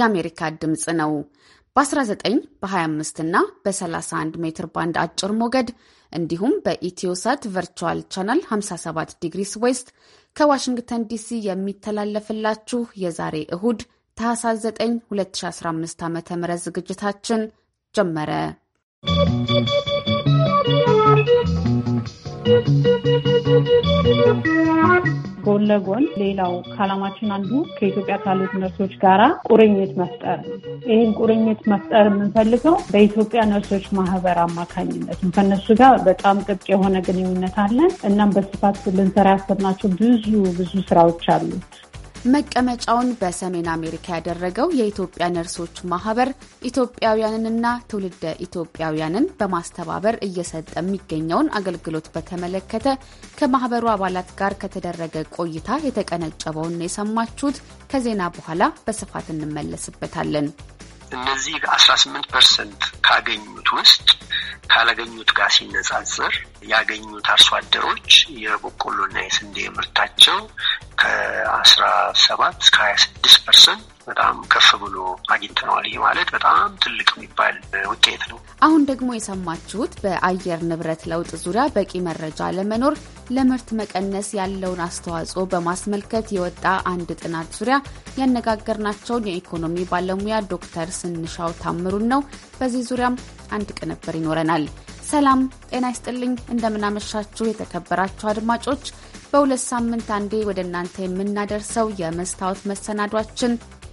የአሜሪካ ድምፅ ነው። በ19 በ25 እና በ31 ሜትር ባንድ አጭር ሞገድ እንዲሁም በኢትዮሳት ቨርቹዋል ቻናል 57 ዲግሪስ ዌስት ከዋሽንግተን ዲሲ የሚተላለፍላችሁ የዛሬ እሁድ ታህሳስ 9 2015 ዓ ም ዝግጅታችን ጀመረ። ¶¶ ጎን ለጎን ሌላው ከዓላማችን አንዱ ከኢትዮጵያ ካሉት ነርሶች ጋራ ቁርኝት መፍጠር ነው። ይህን ቁርኝት መፍጠር የምንፈልገው በኢትዮጵያ ነርሶች ማህበር አማካኝነት ነው። ከነሱ ጋር በጣም ጥብቅ የሆነ ግንኙነት አለን። እናም በስፋት ልንሰራ ያሰብናቸው ብዙ ብዙ ስራዎች አሉ። መቀመጫውን በሰሜን አሜሪካ ያደረገው የኢትዮጵያ ነርሶች ማህበር ኢትዮጵያውያንንና ትውልደ ኢትዮጵያውያንን በማስተባበር እየሰጠ የሚገኘውን አገልግሎት በተመለከተ ከማህበሩ አባላት ጋር ከተደረገ ቆይታ የተቀነጨበውን የሰማችሁት። ከዜና በኋላ በስፋት እንመለስበታለን። እነዚህ 18 ፐርሰንት ካገኙት ውስጥ ካላገኙት ጋር ሲነጻጽር ያገኙት አርሶ አደሮች የበቆሎና የስንዴ ምርታቸው ከአስራ ሰባት እስከ ሀያ ስድስት ፐርሰንት በጣም ከፍ ብሎ አግኝተነዋል። ይህ ማለት በጣም ትልቅ የሚባል ውጤት ነው። አሁን ደግሞ የሰማችሁት በአየር ንብረት ለውጥ ዙሪያ በቂ መረጃ ለመኖር ለምርት መቀነስ ያለውን አስተዋጽኦ በማስመልከት የወጣ አንድ ጥናት ዙሪያ ያነጋገርናቸውን የኢኮኖሚ ባለሙያ ዶክተር ስንሻው ታምሩን ነው። በዚህ ዙሪያም አንድ ቅንብር ይኖረናል። ሰላም ጤና ይስጥልኝ። እንደምናመሻችሁ የተከበራችሁ አድማጮች፣ በሁለት ሳምንት አንዴ ወደ እናንተ የምናደርሰው የመስታወት መሰናዷችን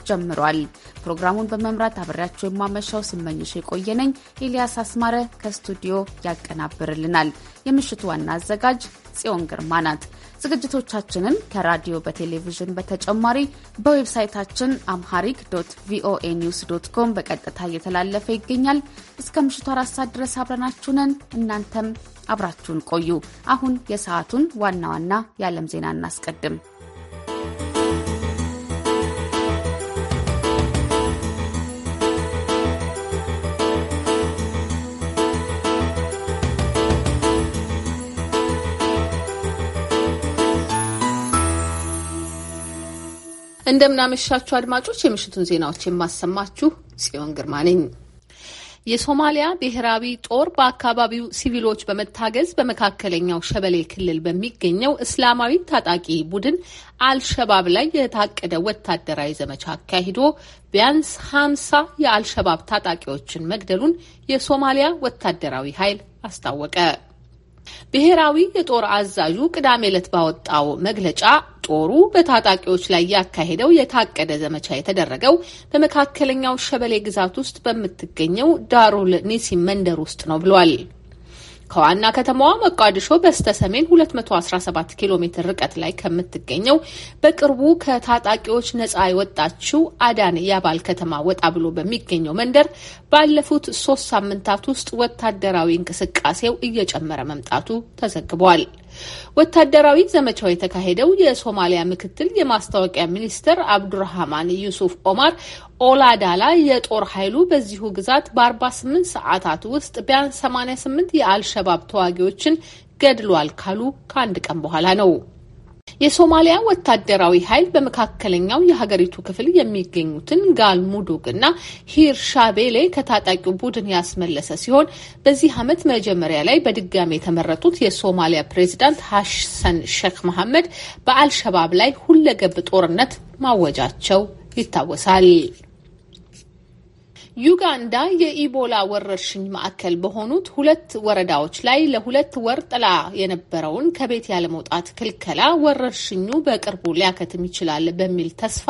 ጀምሯል። ፕሮግራሙን በመምራት አብሬያቸው የማመሻው ስመኝሽ የቆየነኝ ኤልያስ አስማረ ከስቱዲዮ ያቀናብርልናል። የምሽቱ ዋና አዘጋጅ ጽዮን ግርማ ናት። ዝግጅቶቻችንን ከራዲዮ በቴሌቪዥን በተጨማሪ በዌብሳይታችን አምሃሪክ ዶት ቪኦኤ ኒውስ ዶት ኮም በቀጥታ እየተላለፈ ይገኛል። እስከ ምሽቱ አራት ሰዓት ድረስ አብረናችሁንን እናንተም አብራችሁን ቆዩ። አሁን የሰዓቱን ዋና ዋና የዓለም ዜና እናስቀድም። እንደምናመሻችሁ አድማጮች፣ የምሽቱን ዜናዎች የማሰማችሁ ጽዮን ግርማ ነኝ። የሶማሊያ ብሔራዊ ጦር በአካባቢው ሲቪሎች በመታገዝ በመካከለኛው ሸበሌ ክልል በሚገኘው እስላማዊ ታጣቂ ቡድን አልሸባብ ላይ የታቀደ ወታደራዊ ዘመቻ አካሂዶ ቢያንስ ሀምሳ የአልሸባብ ታጣቂዎችን መግደሉን የሶማሊያ ወታደራዊ ኃይል አስታወቀ። ብሔራዊ የጦር አዛዡ ቅዳሜ ዕለት ባወጣው መግለጫ ጦሩ በታጣቂዎች ላይ ያካሄደው የታቀደ ዘመቻ የተደረገው በመካከለኛው ሸበሌ ግዛት ውስጥ በምትገኘው ዳሩል ኒሲም መንደር ውስጥ ነው ብሏል። ከዋና ከተማዋ መቃዲሾ በስተ ሰሜን 217 ኪሎ ሜትር ርቀት ላይ ከምትገኘው በቅርቡ ከታጣቂዎች ነጻ የወጣችው አዳን ያባል ከተማ ወጣ ብሎ በሚገኘው መንደር ባለፉት ሶስት ሳምንታት ውስጥ ወታደራዊ እንቅስቃሴው እየጨመረ መምጣቱ ተዘግቧል። ወታደራዊ ዘመቻው የተካሄደው የሶማሊያ ምክትል የማስታወቂያ ሚኒስትር አብዱራህማን ዩሱፍ ኦማር ኦላዳላ የጦር ኃይሉ በዚሁ ግዛት በ48 ሰዓታት ውስጥ ቢያንስ 88 የአልሸባብ ተዋጊዎችን ገድሏል ካሉ ከአንድ ቀን በኋላ ነው። የሶማሊያ ወታደራዊ ኃይል በመካከለኛው የሀገሪቱ ክፍል የሚገኙትን ሙዱግ እና ሂር ሻቤሌ ከታጣቂው ቡድን ያስመለሰ ሲሆን በዚህ ዓመት መጀመሪያ ላይ በድጋሚ የተመረጡት የሶማሊያ ፕሬዚዳንት ሀሰን ሼክ መሐመድ በአልሸባብ ላይ ሁለገብ ጦርነት ማወጃቸው ይታወሳል። ዩጋንዳ የኢቦላ ወረርሽኝ ማዕከል በሆኑት ሁለት ወረዳዎች ላይ ለሁለት ወር ጥላ የነበረውን ከቤት ያለመውጣት ክልከላ ወረርሽኙ በቅርቡ ሊያከትም ይችላል በሚል ተስፋ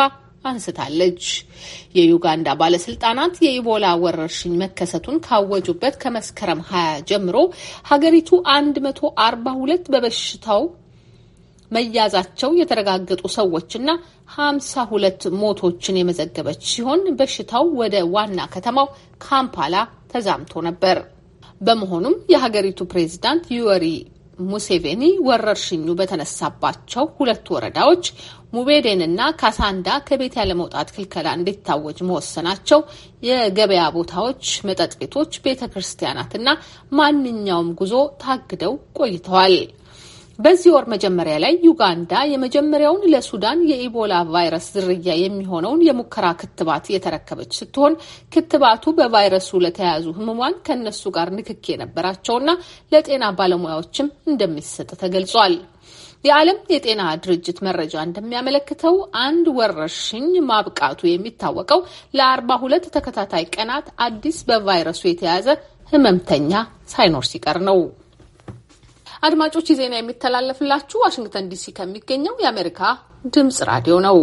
አንስታለች። የዩጋንዳ ባለስልጣናት የኢቦላ ወረርሽኝ መከሰቱን ካወጁበት ከመስከረም 20 ጀምሮ ሀገሪቱ 142 በበሽታው መያዛቸው የተረጋገጡ ሰዎችና ሀምሳ ሁለት ሞቶችን የመዘገበች ሲሆን በሽታው ወደ ዋና ከተማው ካምፓላ ተዛምቶ ነበር። በመሆኑም የሀገሪቱ ፕሬዚዳንት ዩወሪ ሙሴቬኒ ወረርሽኙ በተነሳባቸው ሁለት ወረዳዎች ሙቤዴንና ካሳንዳ ከቤት ያለመውጣት ክልከላ እንዲታወጅ መወሰናቸው የገበያ ቦታዎች፣ መጠጥ ቤቶች፣ ቤተ ክርስቲያናትና ማንኛውም ጉዞ ታግደው ቆይተዋል። በዚህ ወር መጀመሪያ ላይ ዩጋንዳ የመጀመሪያውን ለሱዳን የኢቦላ ቫይረስ ዝርያ የሚሆነውን የሙከራ ክትባት የተረከበች ስትሆን ክትባቱ በቫይረሱ ለተያያዙ ህሙማን ከነሱ ጋር ንክኪ የነበራቸውና ለጤና ባለሙያዎችም እንደሚሰጥ ተገልጿል። የዓለም የጤና ድርጅት መረጃ እንደሚያመለክተው አንድ ወረርሽኝ ማብቃቱ የሚታወቀው ለአርባ ሁለት ተከታታይ ቀናት አዲስ በቫይረሱ የተያዘ ህመምተኛ ሳይኖር ሲቀር ነው። አድማጮች ዜና የሚተላለፍላችሁ ዋሽንግተን ዲሲ ከሚገኘው የአሜሪካ ድምጽ ራዲዮ ነው።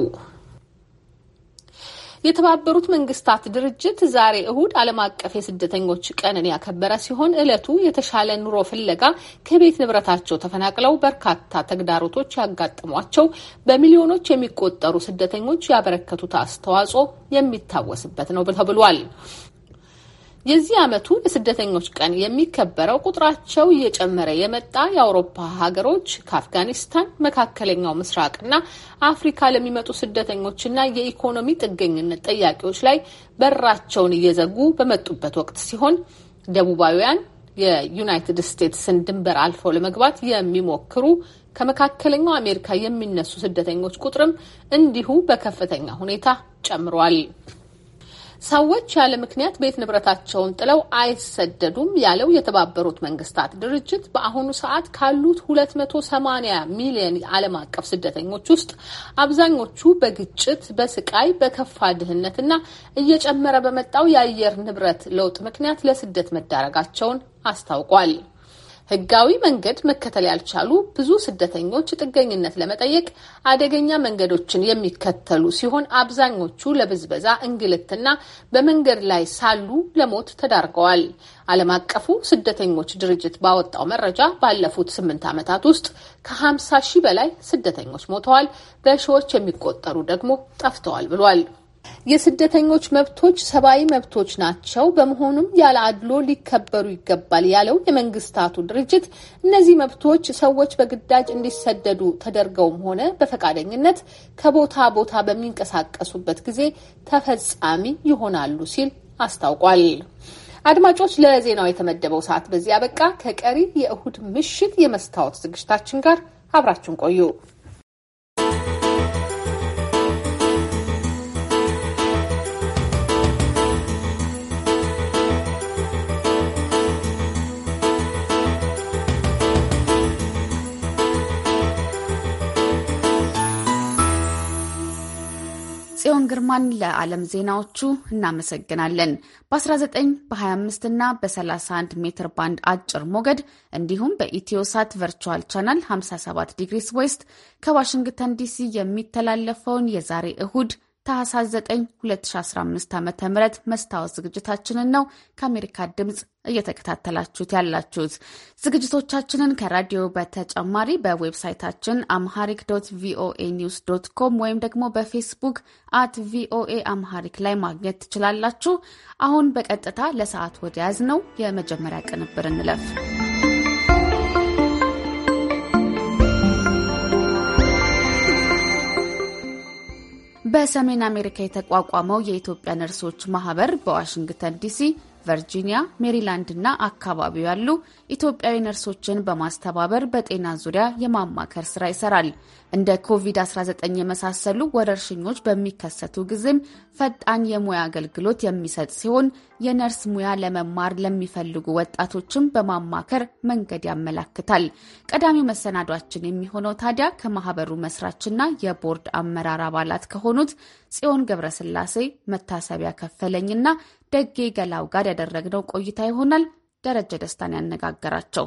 የተባበሩት መንግስታት ድርጅት ዛሬ እሁድ ዓለም አቀፍ የስደተኞች ቀንን ያከበረ ሲሆን ዕለቱ የተሻለ ኑሮ ፍለጋ ከቤት ንብረታቸው ተፈናቅለው በርካታ ተግዳሮቶች ያጋጥሟቸው በሚሊዮኖች የሚቆጠሩ ስደተኞች ያበረከቱት አስተዋጽኦ የሚታወስበት ነው ተብሏል። የዚህ ዓመቱ የስደተኞች ቀን የሚከበረው ቁጥራቸው እየጨመረ የመጣ የአውሮፓ ሀገሮች ከአፍጋኒስታን፣ መካከለኛው ምስራቅና አፍሪካ ለሚመጡ ስደተኞችና የኢኮኖሚ ጥገኝነት ጠያቂዎች ላይ በራቸውን እየዘጉ በመጡበት ወቅት ሲሆን ደቡባውያን የዩናይትድ ስቴትስን ድንበር አልፈው ለመግባት የሚሞክሩ ከመካከለኛው አሜሪካ የሚነሱ ስደተኞች ቁጥርም እንዲሁ በከፍተኛ ሁኔታ ጨምሯል። ሰዎች ያለ ምክንያት ቤት ንብረታቸውን ጥለው አይሰደዱም ያለው የተባበሩት መንግስታት ድርጅት በአሁኑ ሰዓት ካሉት 280 ሚሊዮን ዓለም አቀፍ ስደተኞች ውስጥ አብዛኞቹ በግጭት፣ በስቃይ፣ በከፋ ድህነትና እየጨመረ በመጣው የአየር ንብረት ለውጥ ምክንያት ለስደት መዳረጋቸውን አስታውቋል። ህጋዊ መንገድ መከተል ያልቻሉ ብዙ ስደተኞች ጥገኝነት ለመጠየቅ አደገኛ መንገዶችን የሚከተሉ ሲሆን አብዛኞቹ ለብዝበዛ እንግልትና በመንገድ ላይ ሳሉ ለሞት ተዳርገዋል። ዓለም አቀፉ ስደተኞች ድርጅት ባወጣው መረጃ ባለፉት ስምንት ዓመታት ውስጥ ከ ሺህ በላይ ስደተኞች ሞተዋል፣ በሺዎች የሚቆጠሩ ደግሞ ጠፍተዋል ብሏል። የስደተኞች መብቶች ሰብአዊ መብቶች ናቸው። በመሆኑም ያለ አድሎ ሊከበሩ ይገባል ያለው የመንግስታቱ ድርጅት እነዚህ መብቶች ሰዎች በግዳጅ እንዲሰደዱ ተደርገውም ሆነ በፈቃደኝነት ከቦታ ቦታ በሚንቀሳቀሱበት ጊዜ ተፈጻሚ ይሆናሉ ሲል አስታውቋል። አድማጮች፣ ለዜናው የተመደበው ሰዓት በዚህ አበቃ። ከቀሪ የእሁድ ምሽት የመስታወት ዝግጅታችን ጋር አብራችን ቆዩ። ጽዮን ግርማን ለዓለም ዜናዎቹ እናመሰግናለን። በ19 በ25 እና በ31 ሜትር ባንድ አጭር ሞገድ እንዲሁም በኢትዮሳት ቨርቹዋል ቻናል 57 ዲግሪስ ዌስት ከዋሽንግተን ዲሲ የሚተላለፈውን የዛሬ እሁድ ታህሳስ 9 2015 ዓ ም መስታወት ዝግጅታችንን ነው ከአሜሪካ ድምፅ እየተከታተላችሁት ያላችሁት። ዝግጅቶቻችንን ከራዲዮ በተጨማሪ በዌብሳይታችን አምሃሪክ ዶት ቪኦኤ ኒውስ ዶት ኮም ወይም ደግሞ በፌስቡክ አት ቪኦኤ አምሃሪክ ላይ ማግኘት ትችላላችሁ። አሁን በቀጥታ ለሰዓት ወደ ያዝ ነው የመጀመሪያ ቅንብር እንለፍ። በሰሜን አሜሪካ የተቋቋመው የኢትዮጵያ ነርሶች ማህበር በዋሽንግተን ዲሲ፣ ቨርጂኒያ፣ ሜሪላንድ እና አካባቢው ያሉ ኢትዮጵያዊ ነርሶችን በማስተባበር በጤና ዙሪያ የማማከር ስራ ይሰራል። እንደ ኮቪድ-19 የመሳሰሉ ወረርሽኞች በሚከሰቱ ጊዜም ፈጣን የሙያ አገልግሎት የሚሰጥ ሲሆን የነርስ ሙያ ለመማር ለሚፈልጉ ወጣቶችም በማማከር መንገድ ያመላክታል። ቀዳሚው መሰናዷችን የሚሆነው ታዲያ ከማህበሩ መስራችና የቦርድ አመራር አባላት ከሆኑት ጽዮን ገብረስላሴ፣ መታሰቢያ ከፈለኝና ደጌ ገላው ጋር ያደረግነው ቆይታ ይሆናል። ደረጀ ደስታን ያነጋገራቸው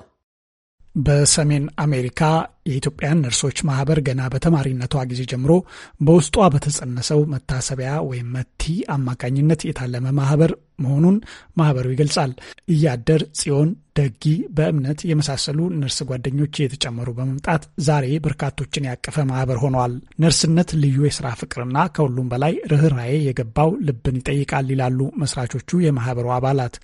በሰሜን አሜሪካ የኢትዮጵያን ነርሶች ማህበር ገና በተማሪነቷ ጊዜ ጀምሮ በውስጧ በተጸነሰው መታሰቢያ ወይም መቲ አማካኝነት የታለመ ማህበር መሆኑን ማህበሩ ይገልጻል። እያደር ጽዮን፣ ደጊ በእምነት የመሳሰሉ ነርስ ጓደኞች እየተጨመሩ በመምጣት ዛሬ በርካቶችን ያቀፈ ማህበር ሆኗል። ነርስነት ልዩ የስራ ፍቅርና ከሁሉም በላይ ርኅራዬ የገባው ልብን ይጠይቃል ይላሉ መስራቾቹ የማህበሩ አባላት።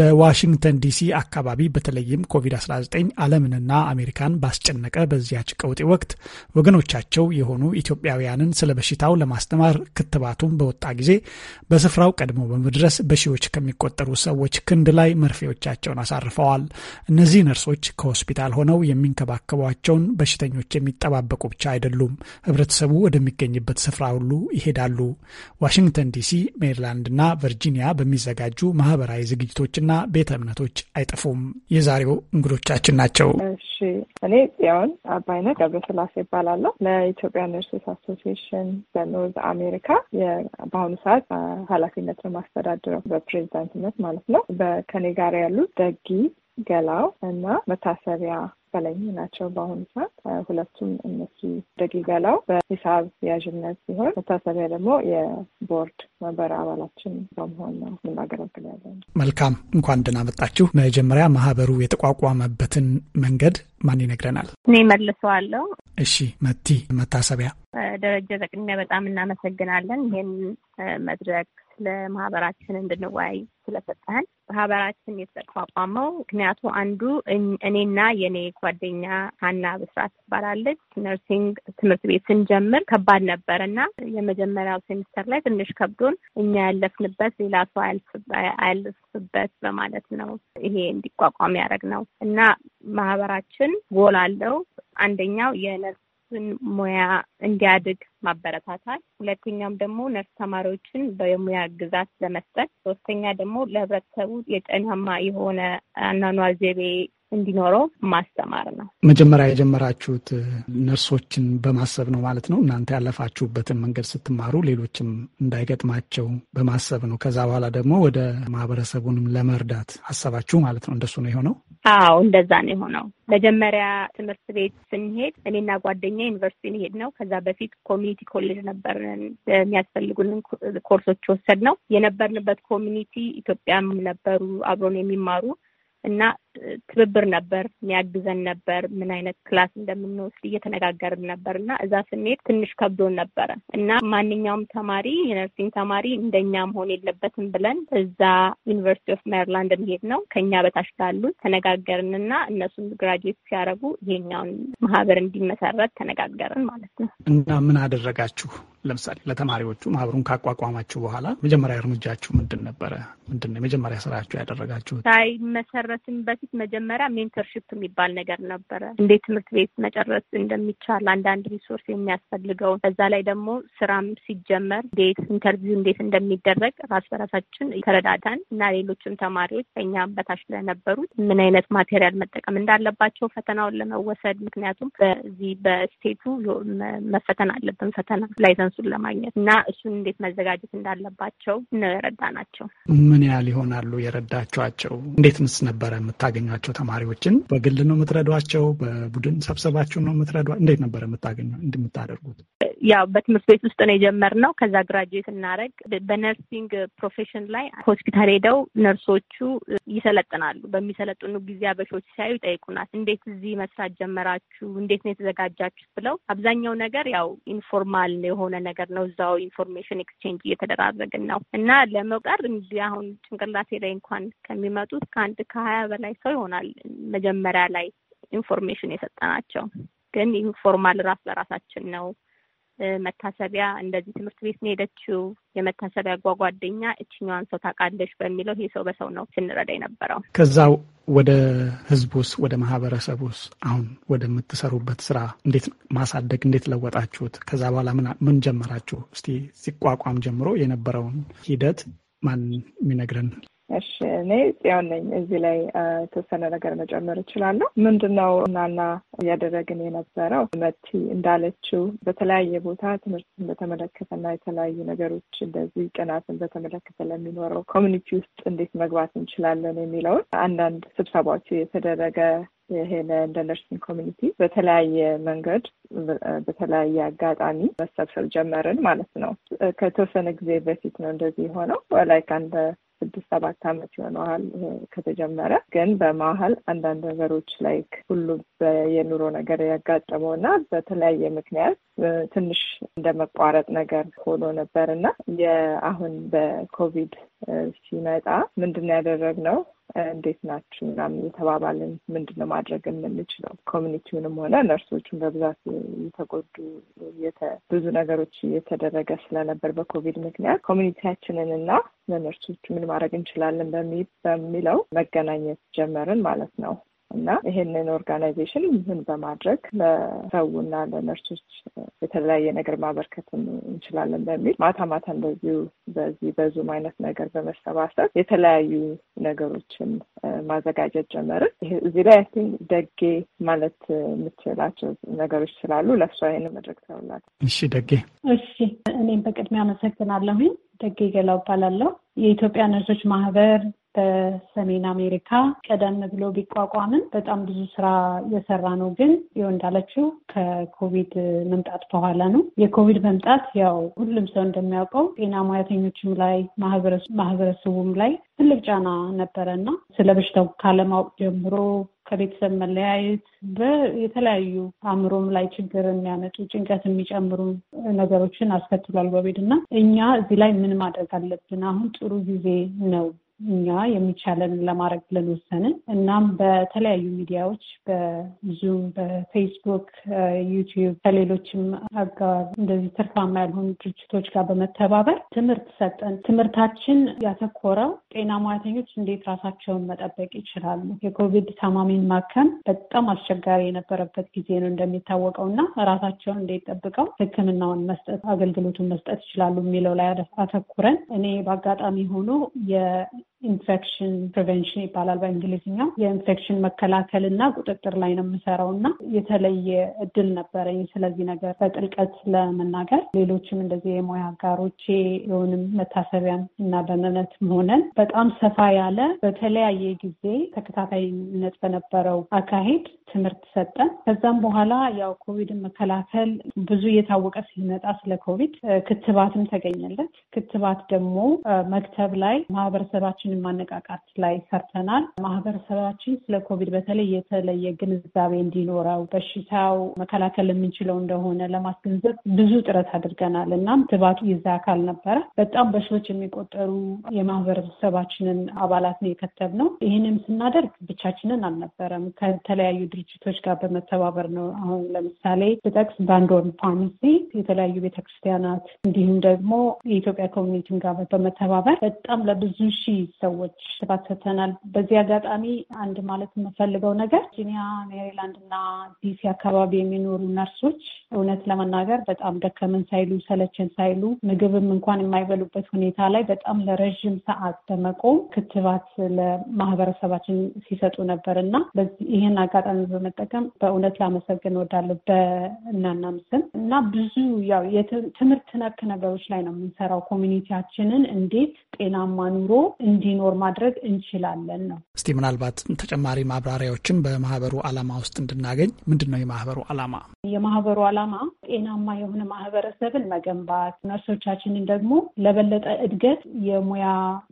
በዋሽንግተን ዲሲ አካባቢ በተለይም ኮቪድ-19 ዓለምንና አሜሪካን ባስጨነቀ በዚያች ቀውጢ ወቅት ወገኖቻቸው የሆኑ ኢትዮጵያውያንን ስለ በሽታው ለማስተማር ክትባቱን በወጣ ጊዜ በስፍራው ቀድሞ በመድረስ በሺዎች ከሚቆጠሩ ሰዎች ክንድ ላይ መርፌዎቻቸውን አሳርፈዋል። እነዚህ ነርሶች ከሆስፒታል ሆነው የሚንከባከቧቸውን በሽተኞች የሚጠባበቁ ብቻ አይደሉም። ህብረተሰቡ ወደሚገኝበት ስፍራ ሁሉ ይሄዳሉ። ዋሽንግተን ዲሲ፣ እና ቨርጂኒያ በሚዘጋጁ ማህበራዊ ዝግጅቶችና ቤተ እምነቶች አይጠፉም። የዛሬው እንግዶቻችን ናቸው። እሺ እኔ ያውን አባይነት ገብረስላሴ ይባላለሁ። ለኢትዮጵያ ነርሶች አሶሲሽን በኖርዝ አሜሪካ በአሁኑ ሰዓት ኃላፊነት ነው ማስተዳድረው በፕሬዚዳንትነት ማለት ነው። ከኔ ጋር ያሉት ደጊ ገላው እና መታሰቢያ በላይ ናቸው። በአሁኑ ሰዓት ሁለቱም እነሱ ደጊ ገላው በሂሳብ ያዥነት ሲሆን መታሰቢያ ደግሞ የቦርድ መንበር አባላችን በመሆን ነው የምናገለግል ያለ። መልካም እንኳን ደህና መጣችሁ። መጀመሪያ ማህበሩ የተቋቋመበትን መንገድ ማን ይነግረናል? እኔ መልሰዋለሁ። እሺ መቲ መታሰቢያ ደረጀ፣ በቅድሚያ በጣም እናመሰግናለን ይህን መድረክ ስለ ማህበራችን እንድንወያይ ስለሰጠህን። ማህበራችን የተቋቋመው ምክንያቱ አንዱ እኔና የኔ ጓደኛ ሀና ብስራት ትባላለች። ነርሲንግ ትምህርት ቤት ስንጀምር ከባድ ነበር እና የመጀመሪያው ሴሚስተር ላይ ትንሽ ከብዶን እኛ ያለፍንበት ሌላ ሰው አያልፍበት በማለት ነው ይሄ እንዲቋቋም ያደረግ ነው እና ማህበራችን ጎል አለው አንደኛው የነርስ የነርሱን ሙያ እንዲያድግ ማበረታታት፣ ሁለተኛም ደግሞ ነርስ ተማሪዎችን በሙያ ግዛት ለመስጠት፣ ሶስተኛ ደግሞ ለህብረተሰቡ የጤናማ የሆነ አኗኗር ዘይቤ እንዲኖረው ማስተማር ነው። መጀመሪያ የጀመራችሁት ነርሶችን በማሰብ ነው ማለት ነው። እናንተ ያለፋችሁበትን መንገድ ስትማሩ ሌሎችም እንዳይገጥማቸው በማሰብ ነው። ከዛ በኋላ ደግሞ ወደ ማህበረሰቡንም ለመርዳት አሰባችሁ ማለት ነው። እንደሱ ነው የሆነው? አዎ እንደዛ ነው የሆነው። መጀመሪያ ትምህርት ቤት ስንሄድ እኔና ጓደኛ ዩኒቨርሲቲ ሄድ ነው። ከዛ በፊት ኮሚኒቲ ኮሌጅ ነበርን። የሚያስፈልጉንን ኮርሶች ወሰድ ነው የነበርንበት ኮሚኒቲ ኢትዮጵያም ነበሩ አብሮን የሚማሩ እና ትብብር ነበር የሚያግዘን ነበር። ምን አይነት ክላስ እንደምንወስድ እየተነጋገርን ነበር እና እዛ ስንሄድ ትንሽ ከብዶን ነበረ እና ማንኛውም ተማሪ የነርሲንግ ተማሪ እንደኛ መሆን የለበትም ብለን እዛ ዩኒቨርሲቲ ኦፍ ሜሪላንድ መሄድ ነው። ከኛ በታች ላሉ ተነጋገርን እና እነሱም ግራጁዌት ሲያደርጉ ይሄኛውን ማህበር እንዲመሰረት ተነጋገርን ማለት ነው። እና ምን አደረጋችሁ? ለምሳሌ ለተማሪዎቹ ማህበሩን ካቋቋማችሁ በኋላ መጀመሪያ እርምጃችሁ ምንድን ነበረ? ምንድን ነው የመጀመሪያ ስራችሁ ያደረጋችሁት? ሳይመሰረትም በፊት በፊት መጀመሪያ ሜንተርሽፕ የሚባል ነገር ነበረ። እንዴት ትምህርት ቤት መጨረስ እንደሚቻል አንዳንድ ሪሶርስ የሚያስፈልገውን በዛ ላይ ደግሞ ስራም ሲጀመር እንዴት ኢንተርቪው እንዴት እንደሚደረግ ራስ በራሳችን ተረዳዳን እና ሌሎችም ተማሪዎች ከኛም በታች ለነበሩት ምን አይነት ማቴሪያል መጠቀም እንዳለባቸው ፈተናውን ለመወሰድ ምክንያቱም በዚህ በስቴቱ መፈተን አለብን ፈተና ላይሰንሱን ለማግኘት እና እሱን እንዴት መዘጋጀት እንዳለባቸው ነው የረዳ ናቸው። ምን ያህል ይሆናሉ እንዴት ምስ ነበረ የምታገ የምታገኟቸው ተማሪዎችን በግል ነው የምትረዷቸው? በቡድን ሰብሰባችሁ ነው የምትረዷ? እንዴት ነበር የምታገኘው እንደምታደርጉት? ያው በትምህርት ቤት ውስጥ ነው የጀመርነው። ከዛ ግራጁዌት እናደረግ በነርሲንግ ፕሮፌሽን ላይ ሆስፒታል ሄደው ነርሶቹ ይሰለጥናሉ። በሚሰለጥኑ ጊዜ አበሾች ሲያዩ ይጠይቁናል። እንዴት እዚህ መስራት ጀመራችሁ? እንዴት ነው የተዘጋጃችሁ? ብለው አብዛኛው ነገር ያው ኢንፎርማል የሆነ ነገር ነው። እዛው ኢንፎርሜሽን ኤክስቼንጅ እየተደራረግን ነው እና ለመቁጠር እንዲ አሁን ጭንቅላቴ ላይ እንኳን ከሚመጡት ከአንድ ከሀያ በላይ ሰው ይሆናል መጀመሪያ ላይ ኢንፎርሜሽን የሰጠናቸው ግን ኢንፎርማል ራስ ለራሳችን ነው መታሰቢያ እንደዚህ ትምህርት ቤት ነው የሄደችው የመታሰቢያ ጓጓደኛ እችኛዋን ሰው ታውቃለች በሚለው ይሄ ሰው በሰው ነው ስንረዳ የነበረው። ከዛ ወደ ህዝቡስ ወደ ማህበረሰቡስ አሁን ወደምትሰሩበት ስራ እንዴት ማሳደግ እንዴት ለወጣችሁት? ከዛ በኋላ ምን ጀመራችሁ? እስቲ ሲቋቋም ጀምሮ የነበረውን ሂደት ማን የሚነግረን እሺ እኔ ጽዮን ነኝ። እዚህ ላይ የተወሰነ ነገር መጨመር እችላለሁ። ምንድነው እናና እያደረግን የነበረው መቲ እንዳለችው በተለያየ ቦታ ትምህርትን በተመለከተና የተለያዩ ነገሮች እንደዚህ ቅናትን በተመለከተ ለሚኖረው ኮሚኒቲ ውስጥ እንዴት መግባት እንችላለን የሚለውን አንዳንድ ስብሰባዎች የተደረገ ይሄ እንደ ነርሲንግ ኮሚኒቲ በተለያየ መንገድ በተለያየ አጋጣሚ መሰብሰብ ጀመርን ማለት ነው። ከተወሰነ ጊዜ በፊት ነው እንደዚህ የሆነው ላይክ አንድ ስድስት ሰባት ዓመት ይሆነዋል ከተጀመረ። ግን በመሀል አንዳንድ ነገሮች ላይ ሁሉ የኑሮ ነገር ያጋጠመው እና በተለያየ ምክንያት ትንሽ እንደ መቋረጥ ነገር ሆኖ ነበር እና የአሁን በኮቪድ ሲመጣ ምንድን ያደረግነው እንዴት ናችሁ ምናምን እየተባባልን ምንድን ነው ማድረግ የምንችለው ኮሚኒቲውንም ሆነ ነርሶቹን በብዛት እየተጎዱ ብዙ ነገሮች እየተደረገ ስለነበር በኮቪድ ምክንያት ኮሚኒቲያችንን እና ለነርሶቹ ምን ማድረግ እንችላለን በሚለው መገናኘት ጀመርን ማለት ነው። እና ይሄንን ኦርጋናይዜሽን ምን በማድረግ ለሰውና ለነርሶች የተለያየ ነገር ማበርከት እንችላለን በሚል ማታ ማታ እንደዚሁ በዚህ በዙም አይነት ነገር በመሰባሰብ የተለያዩ ነገሮችን ማዘጋጀት ጀመርን። እዚህ ላይ አይ ቲንክ ደጌ ማለት የምትችላቸው ነገሮች ስላሉ ለእሷ ይህን መድረክ ተውላት። እሺ ደጌ። እሺ እኔም በቅድሚያ አመሰግናለሁኝ። ደጌ ገላው እባላለሁ። የኢትዮጵያ ነርሶች ማህበር በሰሜን አሜሪካ ቀደም ብሎ ቢቋቋምም በጣም ብዙ ስራ የሰራ ነው። ግን ይኸው እንዳለችው ከኮቪድ መምጣት በኋላ ነው። የኮቪድ መምጣት ያው ሁሉም ሰው እንደሚያውቀው ጤና ሙያተኞችም ላይ ማህበረሰቡም ላይ ትልቅ ጫና ነበረ እና ስለ በሽታው ካለማወቅ ጀምሮ ከቤተሰብ መለያየት የተለያዩ አእምሮም ላይ ችግር የሚያመጡ ጭንቀት የሚጨምሩ ነገሮችን አስከትሏል። በቤድ እና እኛ እዚህ ላይ ምን ማድረግ አለብን? አሁን ጥሩ ጊዜ ነው እኛ የሚቻለን ለማድረግ ብለን ወሰንን። እናም በተለያዩ ሚዲያዎች በዙም፣ በፌስቡክ፣ ዩቲዩብ ከሌሎችም አጋር እንደዚህ ትርፋማ ያልሆኑ ድርጅቶች ጋር በመተባበር ትምህርት ሰጠን። ትምህርታችን ያተኮረው ጤና ሙያተኞች እንዴት ራሳቸውን መጠበቅ ይችላሉ። የኮቪድ ታማሚን ማከም በጣም አስቸጋሪ የነበረበት ጊዜ ነው እንደሚታወቀው እና ራሳቸውን እንዴት ጠብቀው ሕክምናውን መስጠት አገልግሎቱን መስጠት ይችላሉ የሚለው ላይ አተኩረን እኔ በአጋጣሚ ሆኖ ኢንፌክሽን ፕሪቨንሽን ይባላል በእንግሊዝኛው የኢንፌክሽን መከላከል እና ቁጥጥር ላይ ነው የምሰራው እና የተለየ እድል ነበረኝ ስለዚህ ነገር በጥልቀት ለመናገር ሌሎችም እንደዚህ የሙያ አጋሮቼ የሆንም መታሰቢያም እና በመነትም ሆነን በጣም ሰፋ ያለ በተለያየ ጊዜ ተከታታይነት በነበረው አካሄድ ትምህርት ሰጠን። ከዛም በኋላ ያው ኮቪድን መከላከል ብዙ እየታወቀ ሲመጣ ስለ ኮቪድ ክትባትም ተገኘለት። ክትባት ደግሞ መክተብ ላይ ማህበረሰባችን ህዝብን ማነቃቃት ላይ ሰርተናል። ማህበረሰባችን ስለ ኮቪድ በተለይ የተለየ ግንዛቤ እንዲኖረው በሽታው መከላከል የምንችለው እንደሆነ ለማስገንዘብ ብዙ ጥረት አድርገናል። እናም ትባቱ የዛ አካል ነበረ። በጣም በሺዎች የሚቆጠሩ የማህበረሰባችንን አባላት ነው የከተብነው። ይህንም ስናደርግ ብቻችንን አልነበረም። ከተለያዩ ድርጅቶች ጋር በመተባበር ነው። አሁን ለምሳሌ ብጠቅስ ባንዶን ፋርማሲ፣ የተለያዩ ቤተክርስቲያናት እንዲሁም ደግሞ የኢትዮጵያ ኮሚኒቲን ጋር በመተባበር በጣም ለብዙ ሺህ ሰዎች ተሳተፈናል። በዚህ አጋጣሚ አንድ ማለት የምፈልገው ነገር ቨርጂኒያ፣ ሜሪላንድ እና ዲሲ አካባቢ የሚኖሩ ነርሶች እውነት ለመናገር በጣም ደከመን ሳይሉ ሰለችን ሳይሉ ምግብም እንኳን የማይበሉበት ሁኔታ ላይ በጣም ለረዥም ሰዓት በመቆም ክትባት ለማህበረሰባችን ሲሰጡ ነበር እና ይህን አጋጣሚ በመጠቀም በእውነት ላመሰግን እወዳለሁ በእናናም ስም እና ብዙ ያው ትምህርት ነክ ነገሮች ላይ ነው የምንሰራው ኮሚኒቲያችንን እንዴት ጤናማ ኑሮ እንዲ እንዲኖር ማድረግ እንችላለን ነው። እስቲ ምናልባት ተጨማሪ ማብራሪያዎችን በማህበሩ ዓላማ ውስጥ እንድናገኝ ምንድን ነው የማህበሩ ዓላማ? የማህበሩ ዓላማ ጤናማ የሆነ ማህበረሰብን መገንባት፣ ነርሶቻችንን ደግሞ ለበለጠ እድገት የሙያ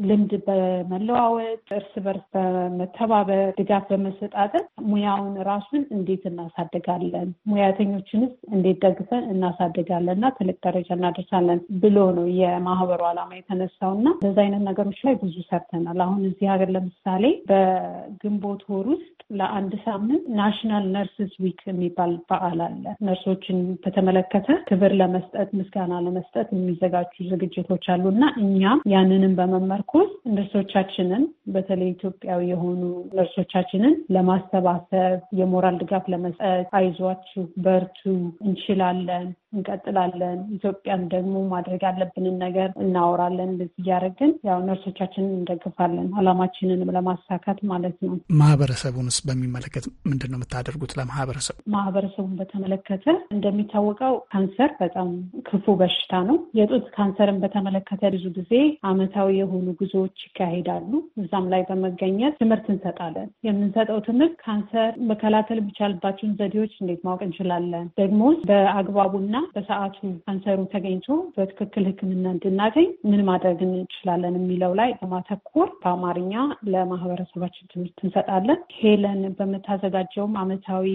ልምድ በመለዋወጥ እርስ በርስ በመተባበር ድጋፍ በመሰጣጠት ሙያውን ራሱን እንዴት እናሳድጋለን፣ ሙያተኞችንስ እንዴት ደግፈን እናሳድጋለን እና ትልቅ ደረጃ እናደርሳለን ብሎ ነው የማህበሩ ዓላማ የተነሳው እና በዛ አይነት ነገሮች ላይ ብዙ ሰር አካተናል። አሁን እዚህ ሀገር ለምሳሌ በግንቦት ወር ውስጥ ለአንድ ሳምንት ናሽናል ነርስስ ዊክ የሚባል በዓል አለ። ነርሶችን በተመለከተ ክብር ለመስጠት ምስጋና ለመስጠት የሚዘጋጁ ዝግጅቶች አሉ እና እኛም ያንንም በመመርኮዝ ነርሶቻችንን በተለይ ኢትዮጵያዊ የሆኑ ነርሶቻችንን ለማሰባሰብ የሞራል ድጋፍ ለመስጠት አይዟችሁ፣ በርቱ፣ እንችላለን፣ እንቀጥላለን፣ ኢትዮጵያን ደግሞ ማድረግ ያለብንን ነገር እናወራለን። እንደዚህ እያደረግን ያው ነርሶቻችንን እንደግፋለን፣ አላማችንንም ለማሳካት ማለት ነው። ማህበረሰቡንስ በሚመለከት ምንድን ነው የምታደርጉት? ለማህበረሰቡ ማህበረሰቡን በተመለከተ እንደሚታወቀው ካንሰር በጣም ክፉ በሽታ ነው። የጡት ካንሰርን በተመለከተ ብዙ ጊዜ አመታዊ የሆኑ ጉዞዎች ይካሄዳሉ። እዛም ላይ በመገኘት ትምህርት እንሰጣለን። የምንሰጠው ትምህርት ካንሰር መከላከል የሚቻልባቸውን ዘዴዎች እንዴት ማወቅ እንችላለን፣ ደግሞ በአግባቡና በሰዓቱ ካንሰሩ ተገኝቶ በትክክል ሕክምና እንድናገኝ ምን ማድረግ እንችላለን የሚለው ላይ በማተኮር በአማርኛ ለማህበረሰባችን ትምህርት እንሰጣለን። ሄለን በምታዘጋጀውም አመታዊ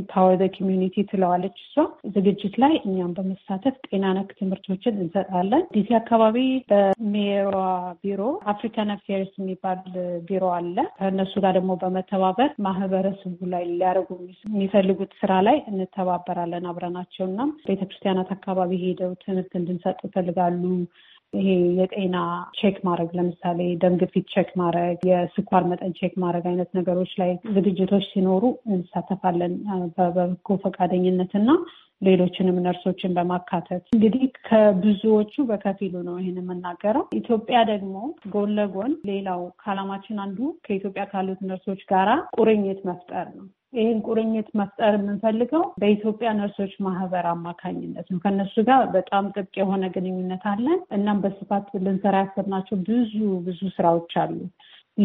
ኢምፓወር ኮሚኒቲ ትለዋለች እሷ ዝግጅት ላይ እኛም በመሳተፍ ጤና ነክ ትምህርቶችን እንሰጣለን። ዲሲ አካባቢ በሜሯ ቢሮ አፍሪካን አፌርስ የሚባል ቢሮ አለ። ከእነሱ ጋር ደግሞ በመተባበር ማህበረሰቡ ላይ ሊያደርጉ የሚፈልጉት ስራ ላይ እንተባበራለን አብረናቸው እና ቤተክርስቲያናት አካባቢ ሄደው ትምህርት እንድንሰጥ ይፈልጋሉ ይሄ የጤና ቼክ ማድረግ ለምሳሌ ደም ግፊት ቼክ ማድረግ፣ የስኳር መጠን ቼክ ማድረግ አይነት ነገሮች ላይ ዝግጅቶች ሲኖሩ እንሳተፋለን በበጎ ፈቃደኝነት እና ሌሎችንም ነርሶችን በማካተት እንግዲህ ከብዙዎቹ በከፊሉ ነው ይህን የምናገረው። ኢትዮጵያ ደግሞ ጎን ለጎን ሌላው ከዓላማችን አንዱ ከኢትዮጵያ ካሉት ነርሶች ጋራ ቁርኝት መፍጠር ነው። ይህን ቁርኝት መፍጠር የምንፈልገው በኢትዮጵያ ነርሶች ማህበር አማካኝነት ነው። ከነሱ ጋር በጣም ጥብቅ የሆነ ግንኙነት አለን። እናም በስፋት ልንሰራ ያሰብናቸው ብዙ ብዙ ስራዎች አሉ።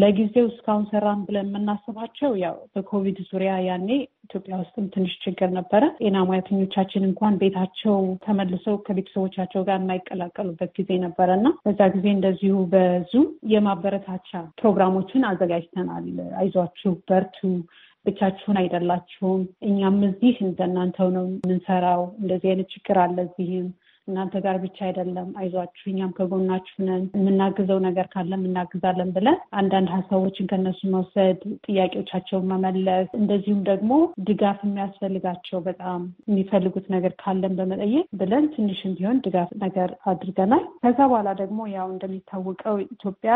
ለጊዜው እስካሁን ሰራን ብለን የምናስባቸው ያው በኮቪድ ዙሪያ ያኔ ኢትዮጵያ ውስጥም ትንሽ ችግር ነበረ። ጤና ሙያተኞቻችን እንኳን ቤታቸው ተመልሰው ከቤተሰቦቻቸው ጋር የማይቀላቀሉበት ጊዜ ነበረ እና በዛ ጊዜ እንደዚሁ በዙም የማበረታቻ ፕሮግራሞችን አዘጋጅተናል። አይዟችሁ፣ በርቱ ብቻችሁን አይደላችሁም፣ እኛም እዚህ እንደናንተው ነው የምንሰራው፣ እንደዚህ አይነት ችግር አለ እዚህም እናንተ ጋር ብቻ አይደለም፣ አይዟችሁ፣ እኛም ከጎናችሁ ነን፣ የምናግዘው ነገር ካለ እናግዛለን ብለን አንዳንድ ሀሳቦችን ከነሱ መውሰድ፣ ጥያቄዎቻቸውን መመለስ፣ እንደዚሁም ደግሞ ድጋፍ የሚያስፈልጋቸው በጣም የሚፈልጉት ነገር ካለን በመጠየቅ ብለን ትንሽም ቢሆን ድጋፍ ነገር አድርገናል። ከዛ በኋላ ደግሞ ያው እንደሚታወቀው ኢትዮጵያ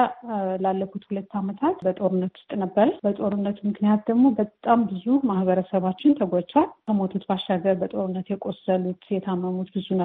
ላለፉት ሁለት ዓመታት በጦርነት ውስጥ ነበረች። በጦርነቱ ምክንያት ደግሞ በጣም ብዙ ማህበረሰባችን ተጎድቷል። ከሞቱት ባሻገር በጦርነት የቆሰሉት የታመሙት ብዙ እና